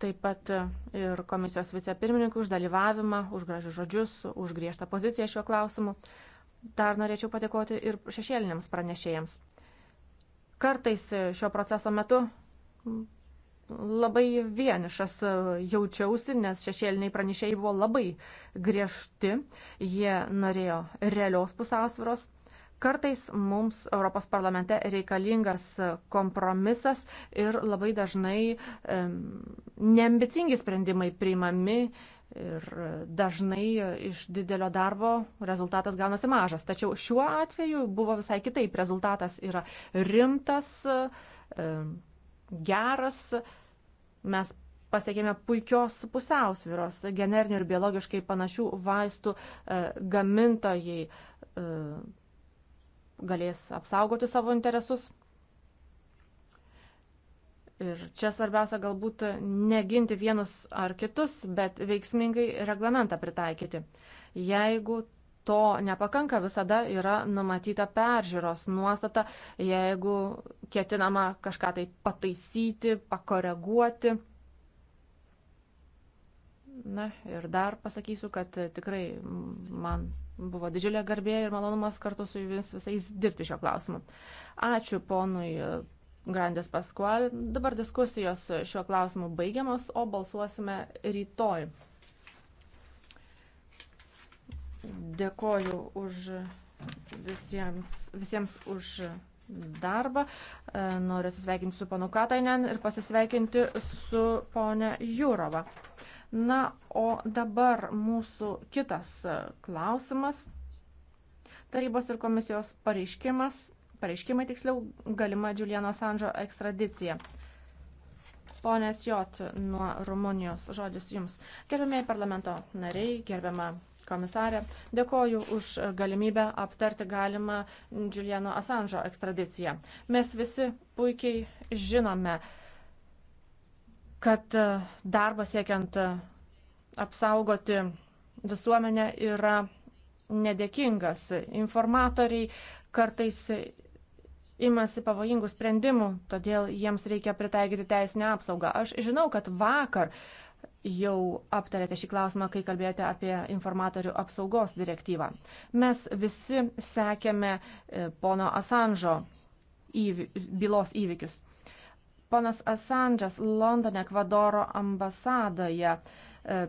taip pat ir komisijos vicepirmininkui už dalyvavimą, už gražius žodžius, už griežtą poziciją šiuo klausimu. Dar norėčiau padėkoti ir šešėliniams pranešėjams. Kartais šio proceso metu labai vienišas e, jaučiausi, nes šešėliniai pranešėjai buvo labai griežti, jie norėjo realios pusiausviros. Kartais mums Europos parlamente reikalingas kompromisas ir labai dažnai neambicingi sprendimai priimami ir dažnai iš didelio darbo rezultatas gaunasi mažas. Tačiau šiuo atveju buvo visai kitaip. Rezultatas yra rimtas geras, mes pasiekėme puikios pusiausviros. Generinių ir biologiškai panašių vaistų e, gamintojai e, galės apsaugoti savo interesus. Ir čia svarbiausia galbūt neginti vienus ar kitus, bet veiksmingai reglamentą pritaikyti. Jeigu to nepakanka, visada yra numatyta peržiūros nuostata, jeigu ketinama kažką tai pataisyti, pakoreguoti. Na ir dar pasakysiu, kad tikrai man buvo didžiulė garbė ir malonumas kartu su vis, visais dirbti šio klausimu. Ačiū ponui Grandės Paskual. Dabar diskusijos šiuo klausimu baigiamos, o balsuosime rytoj. Dėkoju už visiems, visiems už darbą. E, noriu atsisveikinti su panu Katainen ir pasisveikinti su ponė Jūrova. Na, o dabar mūsų kitas klausimas. Tarybos ir komisijos pareiškimas, pareiškimai tiksliau, galima Giuliano Sandžo ekstradicija. Ponės Jot nuo Rumunijos žodis jums. Gerbiamieji parlamento nariai, gerbiama komisarė. Dėkoju už galimybę aptarti galimą Giuliano Assange'o ekstradiciją. Mes visi puikiai žinome, kad e, darbas siekiant e, apsaugoti visuomenę yra nedėkingas. Informatoriai kartais imasi pavojingų sprendimų, todėl jiems reikia pritaikyti teisinę apsaugą. Aš žinau, kad vakar uh, jau aptarėte šį klausimą, kai kalbėjote apie informatorių apsaugos direktyvą. Mes visi sekėme e, pono Asanžo įvy, bylos įvykius. Ponas Asandžas Londone Ekvadoro ambasadoje e,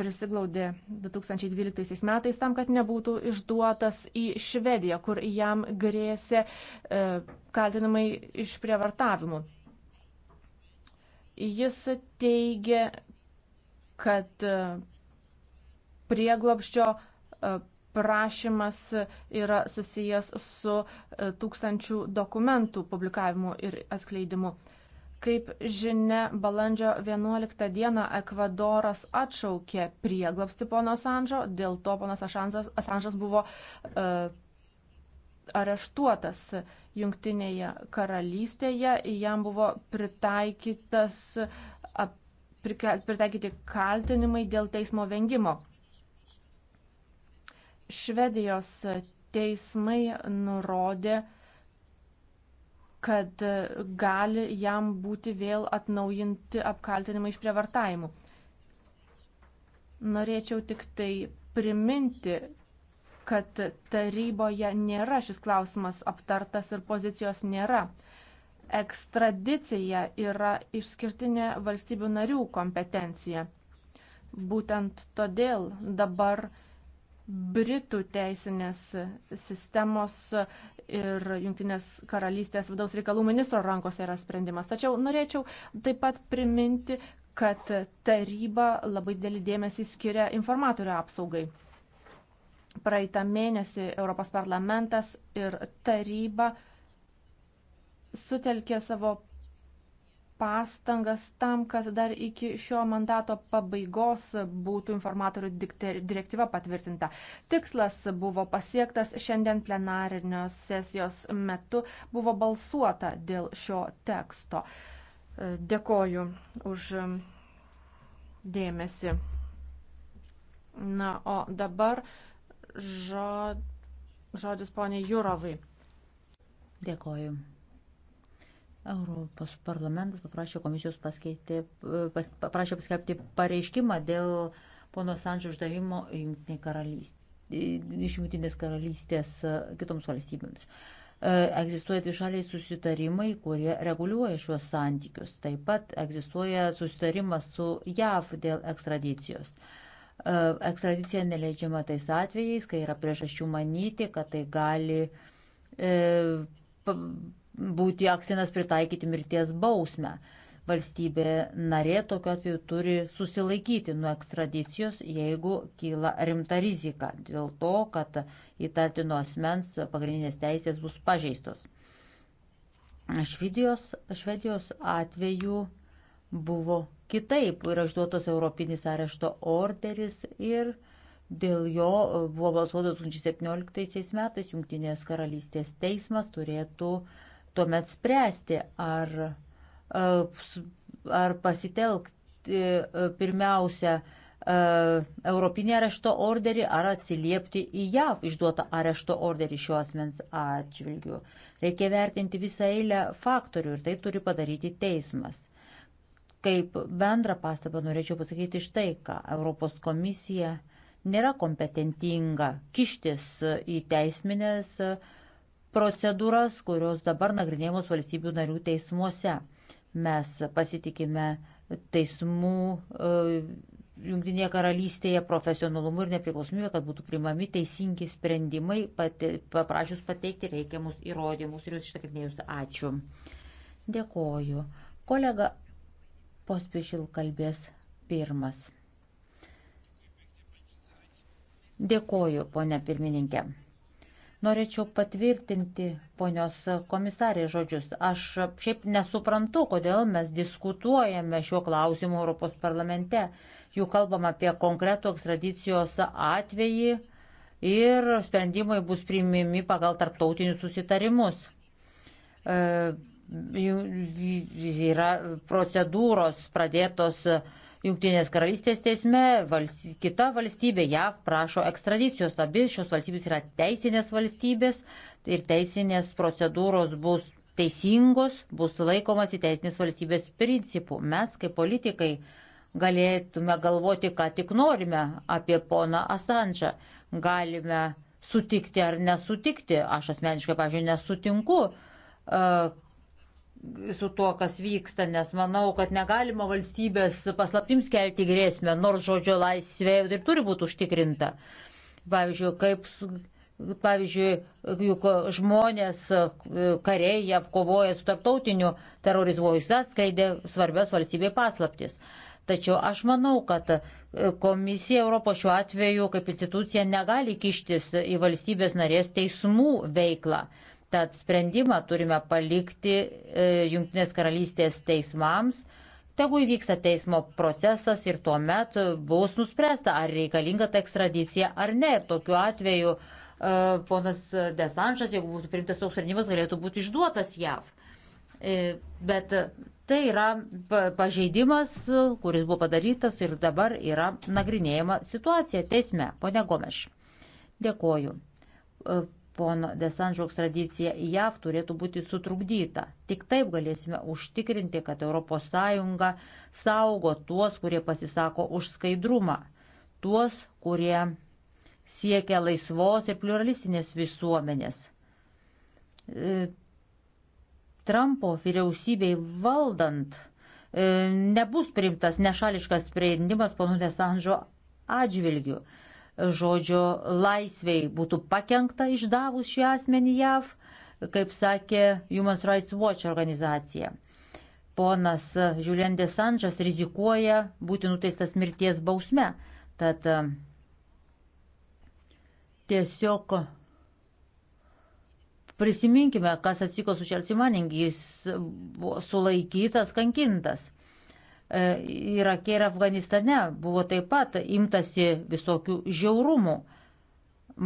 prisiglaudė 2012 metais tam, kad nebūtų išduotas į Švediją, kur jam grėsė e, kaltinamai iš prievartavimų. Jis teigia, kad e, prieglopščio e, prašymas yra susijęs su e, tūkstančių dokumentų publikavimu ir atskleidimu. Kaip žinia, balandžio 11 dieną Ekvadoras atšaukė prieglapsti pono Asanžo, dėl to ponas Asanžas buvo uh, areštuotas Jungtinėje karalystėje, jam buvo pritaikytas uh, pritaikyti kaltinimai dėl teismo vengimo. Švedijos teismai nurodė, kad gali jam būti vėl atnaujinti apkaltinimai iš prievartavimų. Norėčiau tik tai priminti, kad taryboje nėra šis klausimas aptartas ir pozicijos nėra ekstradicija yra išskirtinė valstybių narių kompetencija. Būtent todėl dabar Britų teisinės sistemos ir Junktinės karalystės vidaus reikalų ministro rankose yra sprendimas. Tačiau norėčiau taip pat priminti, kad taryba labai dėlį dėmesį skiria informatorių apsaugai. Praeitą mėnesį Europos parlamentas ir taryba uh, sutelkė savo pastangas tam, kad dar iki šio mandato pabaigos būtų informatorių direktyva patvirtinta. Tikslas buvo pasiektas šiandien plenarinės sesijos metu, buvo balsuota dėl šio teksto. Dėkoju už dėmesį. Na, o dabar žodis poniai Jurovai. Dėkoju. Europos parlamentas paprašė komisijos paskeitė, pas, paprašė paskelbti pareiškimą dėl pono Sančio uždavimo iš Junktinės karalystės kitoms valstybėms. E, egzistuoja dvišaliai susitarimai, kurie reguliuoja šiuos santykius. Taip pat egzistuoja susitarimas su JAV dėl ekstradicijos. E, ekstradicija neleidžiama tais atvejais, kai yra priežasčių manyti, kad tai gali e, būti akstinas pritaikyti mirties bausmę. Valstybė narė tokiu atveju turi susilaikyti nuo ekstradicijos, jeigu kyla rimta rizika dėl to, kad įtartino asmens pagrindinės teisės bus pažeistos. Švedijos, švedijos atveju buvo kitaip yra išduotas Europinis arešto orderis ir dėl jo buvo balsuota 2017 metais Junktinės karalystės teismas turėtų uh, tuomet spręsti, ar, e, ar pasitelkti e, pirmiausia e, Europinį arešto orderį ar atsiliepti į JAV išduotą arešto orderį šio asmens atžvilgiu. Reikia vertinti visą eilę faktorių ir tai turi padaryti teismas. Kaip bendrą pastabą norėčiau pasakyti štai ką. Europos komisija nėra kompetentinga kištis į teisminės uh, procedūras, kurios dabar nagrinėjamos valstybių narių teismuose. Mes pasitikime teismų e, Junktinėje karalystėje profesionalumu ir nepriklausomybė, kad būtų primami teisingi sprendimai, pati, paprašius pateikti reikiamus įrodymus ir jūs ištakrinėjus ačiū. Dėkoju. Kolega Pospiešil kalbės pirmas. Dėkoju, ponia pirmininkė. Norėčiau patvirtinti ponios komisarės žodžius. Aš šiaip nesuprantu, kodėl mes diskutuojame šiuo klausimu Europos parlamente. Juk kalbam apie konkretų ekstradicijos atvejį ir sprendimai bus priimimi pagal tarptautinius susitarimus. E, yra procedūros pradėtos e, Junktinės karalystės teisme vals, kita valstybė JAV prašo ekstradicijos. Abi šios valstybės yra teisinės valstybės ir teisinės procedūros bus teisingos, bus laikomasi teisinės valstybės principų. Mes kaip politikai galėtume galvoti, ką tik norime apie poną Asandžą. Galime sutikti ar nesutikti. Aš asmeniškai, pavyzdžiui, nesutinku su tuo, kas vyksta, nes manau, kad negalima valstybės paslaptims kelti grėsmę, nors žodžio laisvė ir turi būti užtikrinta. Pavyzdžiui, kaip, pavyzdžiui, juk žmonės, kariai, jie kovoja su tarptautiniu terorizmu, jis atskleidė svarbias valstybė paslaptis. Tačiau aš manau, kad komisija Europos šiuo atveju kaip institucija negali kištis į valstybės narės teismų veiklą. Tad sprendimą turime palikti e, Junktinės karalystės teismams. Tegu įvyksta teismo procesas ir tuo metu bus nuspręsta, ar reikalinga ta ekstradicija ar ne. Ir tokiu atveju e, ponas Desanšas, jeigu būtų priimtas toks sprendimas, galėtų būti išduotas JAV. E, bet tai yra pažeidimas, kuris buvo padarytas ir dabar yra nagrinėjama situacija teisme. Pone Gomeš, dėkoju pono Desanžaus tradicija į JAV turėtų būti sutrukdyta. Tik taip galėsime užtikrinti, kad ES saugo tuos, kurie pasisako už skaidrumą, tuos, kurie siekia laisvos ir pluralistinės visuomenės. E, Trumpo vyriausybei valdant e, nebus priimtas nešališkas sprendimas pono Desanžo atžvilgiu žodžio laisviai būtų pakengta išdavus šį asmenį JAV, kaip sakė Human Rights Watch organizacija. Ponas Julian Desančas rizikuoja būti nuteistas mirties bausme. Tad e, tiesiog prisiminkime, kas atsiko su Čelsimaningi. Jis buvo sulaikytas, kankintas. E, Irake ir Afganistane buvo taip pat imtasi visokių žiaurumų.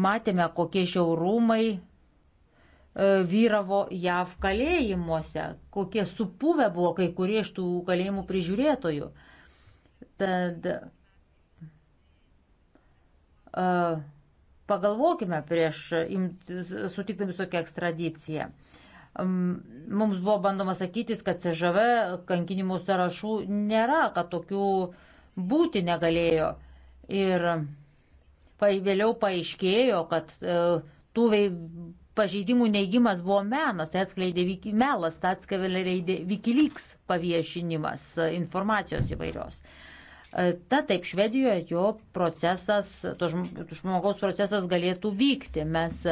Matėme, kokie žiaurumai e, vyravo JAV kalėjimuose, kokie supuvę buvo kai kurie iš tų kalėjimų prižiūrėtojų. Tad e, pagalvokime prieš sutikdami tokią ekstradiciją. Mums buvo bandoma sakyti, kad CŽV kankinimų sąrašų nėra, kad tokių būti negalėjo. Ir vėliau paaiškėjo, kad e, tų pažeidimų neigimas buvo menas, atskleidė melas, atskleidė Vikilyks paviešinimas e, informacijos įvairios. E, ta taip Švedijoje jo procesas, to žmogaus procesas galėtų vykti. Mes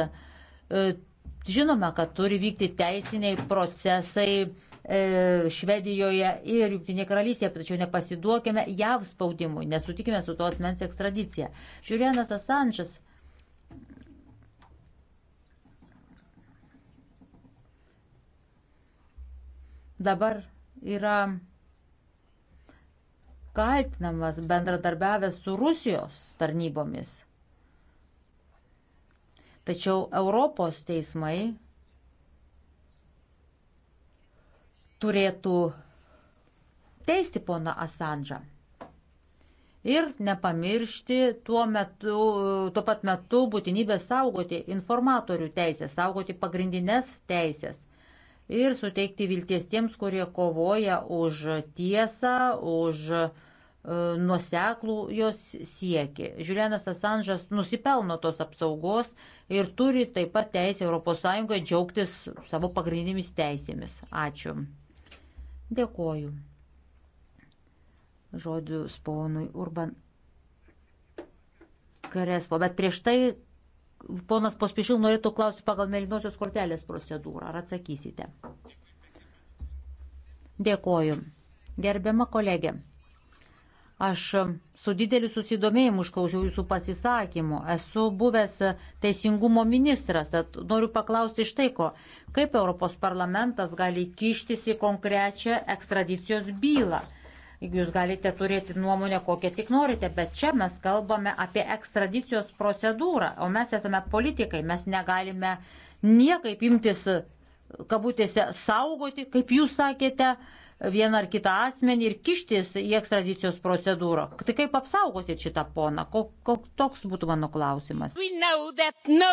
Žinoma, kad turi vykti teisiniai procesai e, Švedijoje ir Junktinėje karalystėje, tačiau nepasiduokime jav spaudimui, nesutikime su tos mens ekstradicija. Žiūrėnas Asančas dabar yra kaltinamas bendradarbiavęs su Rusijos tarnybomis. Tačiau Europos teismai turėtų teisti poną Asandžą. Ir nepamiršti tuo, metu, tuo pat metu būtinybės saugoti informatorių teisės, saugoti pagrindinės teisės ir suteikti vilties tiems, kurie kovoja už tiesą, už e, nuoseklų jos sieki. Žiūrėnas Asanžas nusipelno tos apsaugos ir turi taip pat teisę ES džiaugtis savo pagrindinėmis teisėmis. Ačiū. Dėkoju. Žodžiu spaunui Urban Karespo. Bet prieš tai ponas Pospišil norėtų klausyti pagal mėlynosios kortelės procedūrą. Ar atsakysite? Dėkoju. Gerbiama kolegė. Aš e, su dideliu susidomėjimu išklausiau jūsų pasisakymų. Esu buvęs e, teisingumo ministras, tad noriu paklausti štai ko. Kaip Europos parlamentas gali kištis į konkrečią ekstradicijos bylą? Jūs galite turėti nuomonę, kokią tik norite, bet čia mes kalbame apie ekstradicijos procedūrą, o mes esame politikai, mes negalime niekaip imtis, kabutėse, saugoti, kaip jūs sakėte, uh, vieną ar kitą asmenį ir kištis į ekstradicijos procedūrą. Tai kaip apsaugosit šitą poną? Kok, toks būtų mano klausimas. No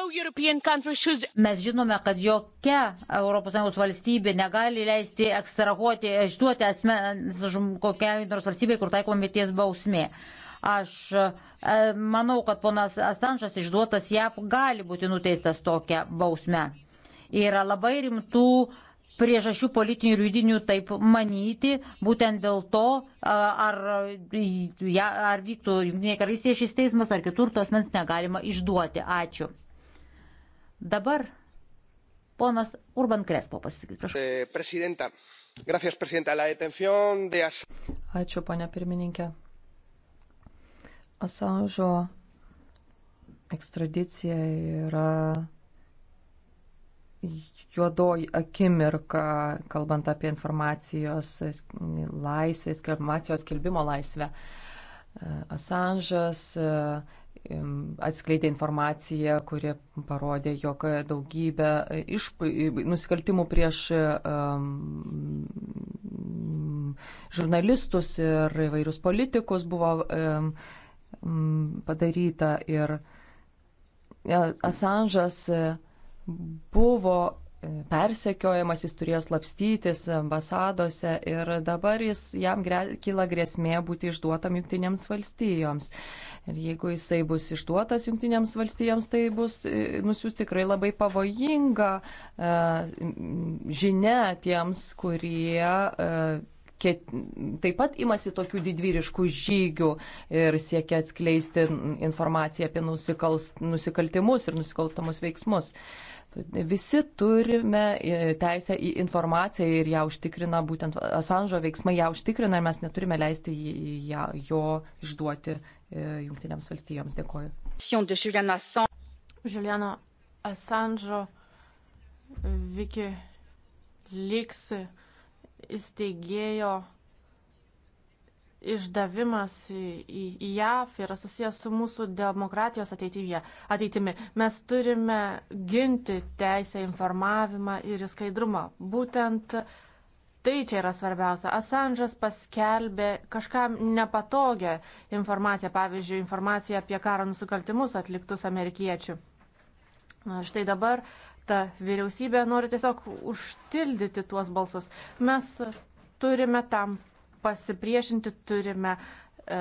should... Mes žinome, kad jokia ES valstybė negali leisti ekstrahuoti, išduoti asmens kokiai nors valstybei, kur taikoma mirties bausmė. Aš e, manau, kad ponas Asanšas išduotas JAV gali būti nuteistas tokią bausmę. Yra labai rimtų uh, priežasčių politinių ir juridinių taip manyti, būtent dėl to, ar, ja, ar vyktų Junktinėje karalystėje šis teismas ar kitur, tos mens negalima išduoti. Ačiū. Dabar ponas Urban Krespo pasisakys, prašau. Eh, presidenta. Gracias, presidenta. La detención de As... Ačiū, ponia pirmininkė. Asanžo ekstradicija yra juodoji akimirka, kalbant apie informacijos laisvę, informacijos kelbimo laisvę. Asanžas atskleidė informaciją, kuri parodė, jog daugybė iš, nusikaltimų prieš um, žurnalistus ir įvairius politikus buvo um, padaryta ir e, Asanžas buvo persekiojamas, jis turėjo slapstytis ambasadose ir dabar jis, jam gre, kyla grėsmė būti išduotam jungtinėms valstijoms. Ir jeigu jisai bus išduotas jungtinėms valstijoms, tai bus nusiūs tikrai labai pavojinga e, žinia tiems, kurie e, taip pat imasi tokių didvyriškų žygių ir siekia atskleisti informaciją apie nusikals, nusikaltimus ir nusikalstamus veiksmus. Visi turime e, teisę į informaciją ir ją užtikrina būtent Asanžo veiksmai, ją užtikrina ir mes neturime leisti ją, jo išduoti e, Junktinėms valstijoms. Dėkoju. Žiuliano Asanžo Viki Liks įsteigėjo išdavimas į, į, į JAV yra susijęs su mūsų demokratijos ateityje, ateitimi. Mes turime ginti teisę informavimą ir skaidrumą. Būtent tai čia yra svarbiausia. Assange'as paskelbė kažkam nepatogią informaciją, pavyzdžiui, informaciją apie karo nusikaltimus atliktus amerikiečių. Štai dabar ta vyriausybė nori tiesiog užtildyti tuos balsus. Mes turime tam pasipriešinti, turime e,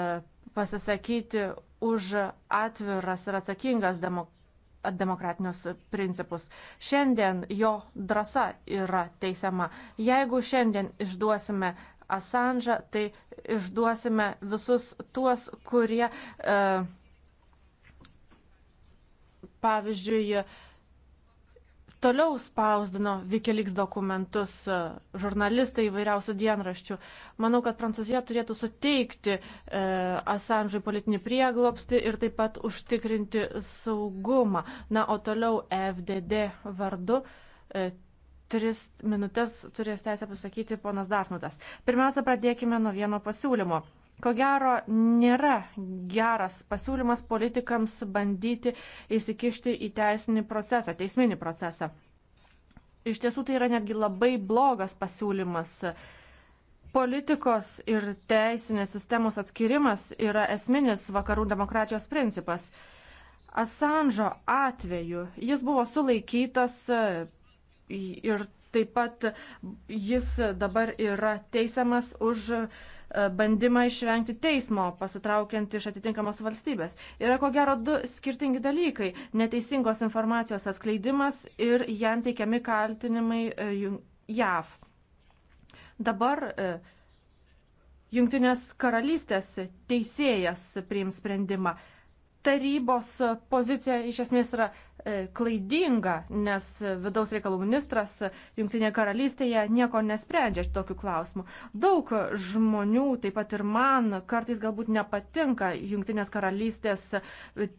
pasisakyti už atviras ir atsakingas demok demokratinius principus. Šiandien jo drąsa yra teisiama. Jeigu šiandien išduosime Assange'ą, tai išduosime visus tuos, kurie, e, pavyzdžiui, e, toliau spausdino Vikiliks dokumentus e, žurnalistai įvairiausių dienraščių. Manau, kad Prancūzija turėtų suteikti e, Assange'ui politinį prieglopstį ir taip pat užtikrinti saugumą. Na, o toliau FDD vardu. E, Tris minutės turės teisę pasakyti ponas Dartmutas. Pirmiausia, pradėkime nuo vieno pasiūlymo. Ko gero, nėra geras pasiūlymas politikams bandyti įsikišti į teisinį procesą, teisminį procesą. Iš tiesų tai yra netgi labai blogas pasiūlymas. Politikos ir teisinės sistemos atskirimas yra esminis vakarų demokratijos principas. Assange'o atveju jis buvo sulaikytas ir taip pat jis dabar yra teisiamas už uh, E, bandymą išvengti teismo, pasitraukiant iš atitinkamos valstybės. Yra ko gero du skirtingi dalykai - neteisingos informacijos atskleidimas ir jam teikiami kaltinimai e, JAV. Dabar e, Junktinės karalystės teisėjas priims sprendimą tarybos pozicija iš esmės yra e, klaidinga, nes vidaus reikalų ministras Junktinėje karalystėje nieko nesprendžia tokių klausimų. Daug žmonių, taip pat ir man, kartais galbūt nepatinka Junktinės karalystės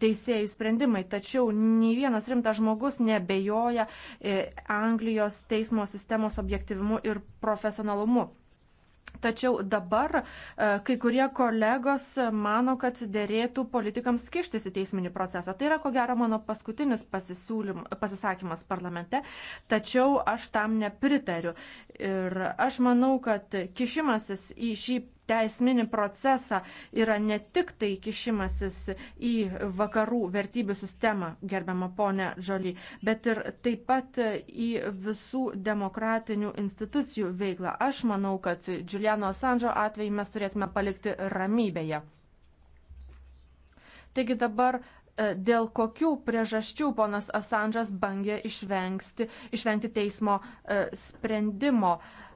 teisėjų sprendimai, tačiau nei vienas rimtas žmogus nebejoja e, Anglijos teismo sistemos objektivimu ir profesionalumu. Tačiau dabar e, kai kurie kolegos mano, kad dėrėtų politikams kištis į teisminį procesą. Tai yra, ko gero, mano paskutinis pasisakymas parlamente, tačiau aš tam nepritariu. Ir aš manau, kad kišimasis į šį teisminį procesą yra ne tik tai kišimasis į vakarų vertybių sistemą, gerbiama ponė Džoly, bet ir taip pat į visų demokratinių institucijų veiklą. Aš manau, kad Giuliano Assange'o atveju mes turėtume palikti ramybėje. Taigi dabar e, dėl kokių priežasčių ponas Assange'as bangė išvengti, išvengti teismo e, sprendimo. Uh,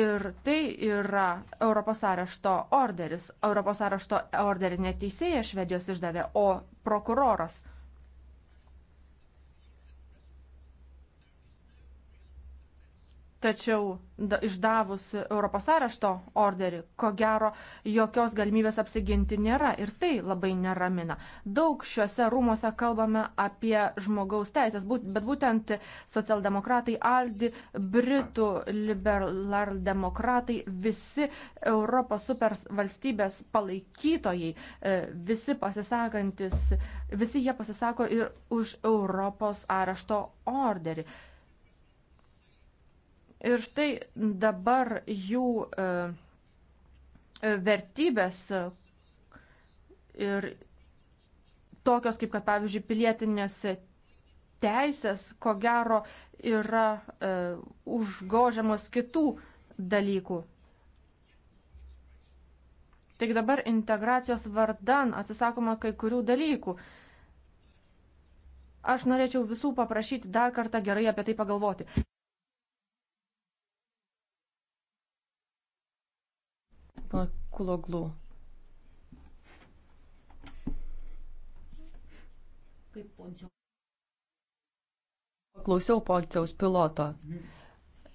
Ir tai yra Europos arešto orderis. Europos arešto orderį ne teisėjas Švedijos išdavė, o prokuroras Tačiau da, išdavus Europos arešto orderį, ko gero, jokios galimybės apsiginti nėra ir tai labai neramina. Daug šiuose rūmose kalbame apie žmogaus teisės, bet būtent socialdemokratai, Aldi, Britų liberaldemokratai, visi Europos supervalstybės palaikytojai, e, visi pasisakantis, visi jie pasisako ir už Europos arešto orderį. Ir štai dabar jų e, e, vertybės e, ir tokios kaip, kad pavyzdžiui, pilietinės teisės, ko gero, yra e, užgožiamos kitų dalykų. Tik dabar integracijos vardan atsisakoma kai kurių dalykų. Aš norėčiau visų paprašyti dar kartą gerai apie tai pagalvoti. Kuloglu. Kaip pončio. Klausiau polciaus piloto.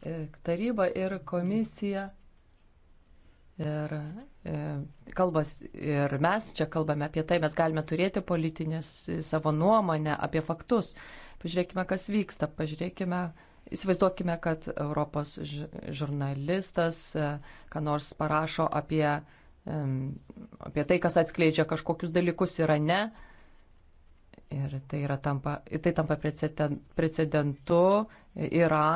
E, taryba ir komisija. Ir e, kalbas ir mes čia kalbame apie tai, mes galime turėti politinės savo nuomonę apie faktus. Pažiūrėkime, kas vyksta, pažiūrėkime, Įsivaizduokime, kad Europos žurnalistas, e, ką nors parašo apie, apie tai, kas atskleidžia kažkokius dalykus Irane. Ir tai, tampa, tai tampa precedentu Iran.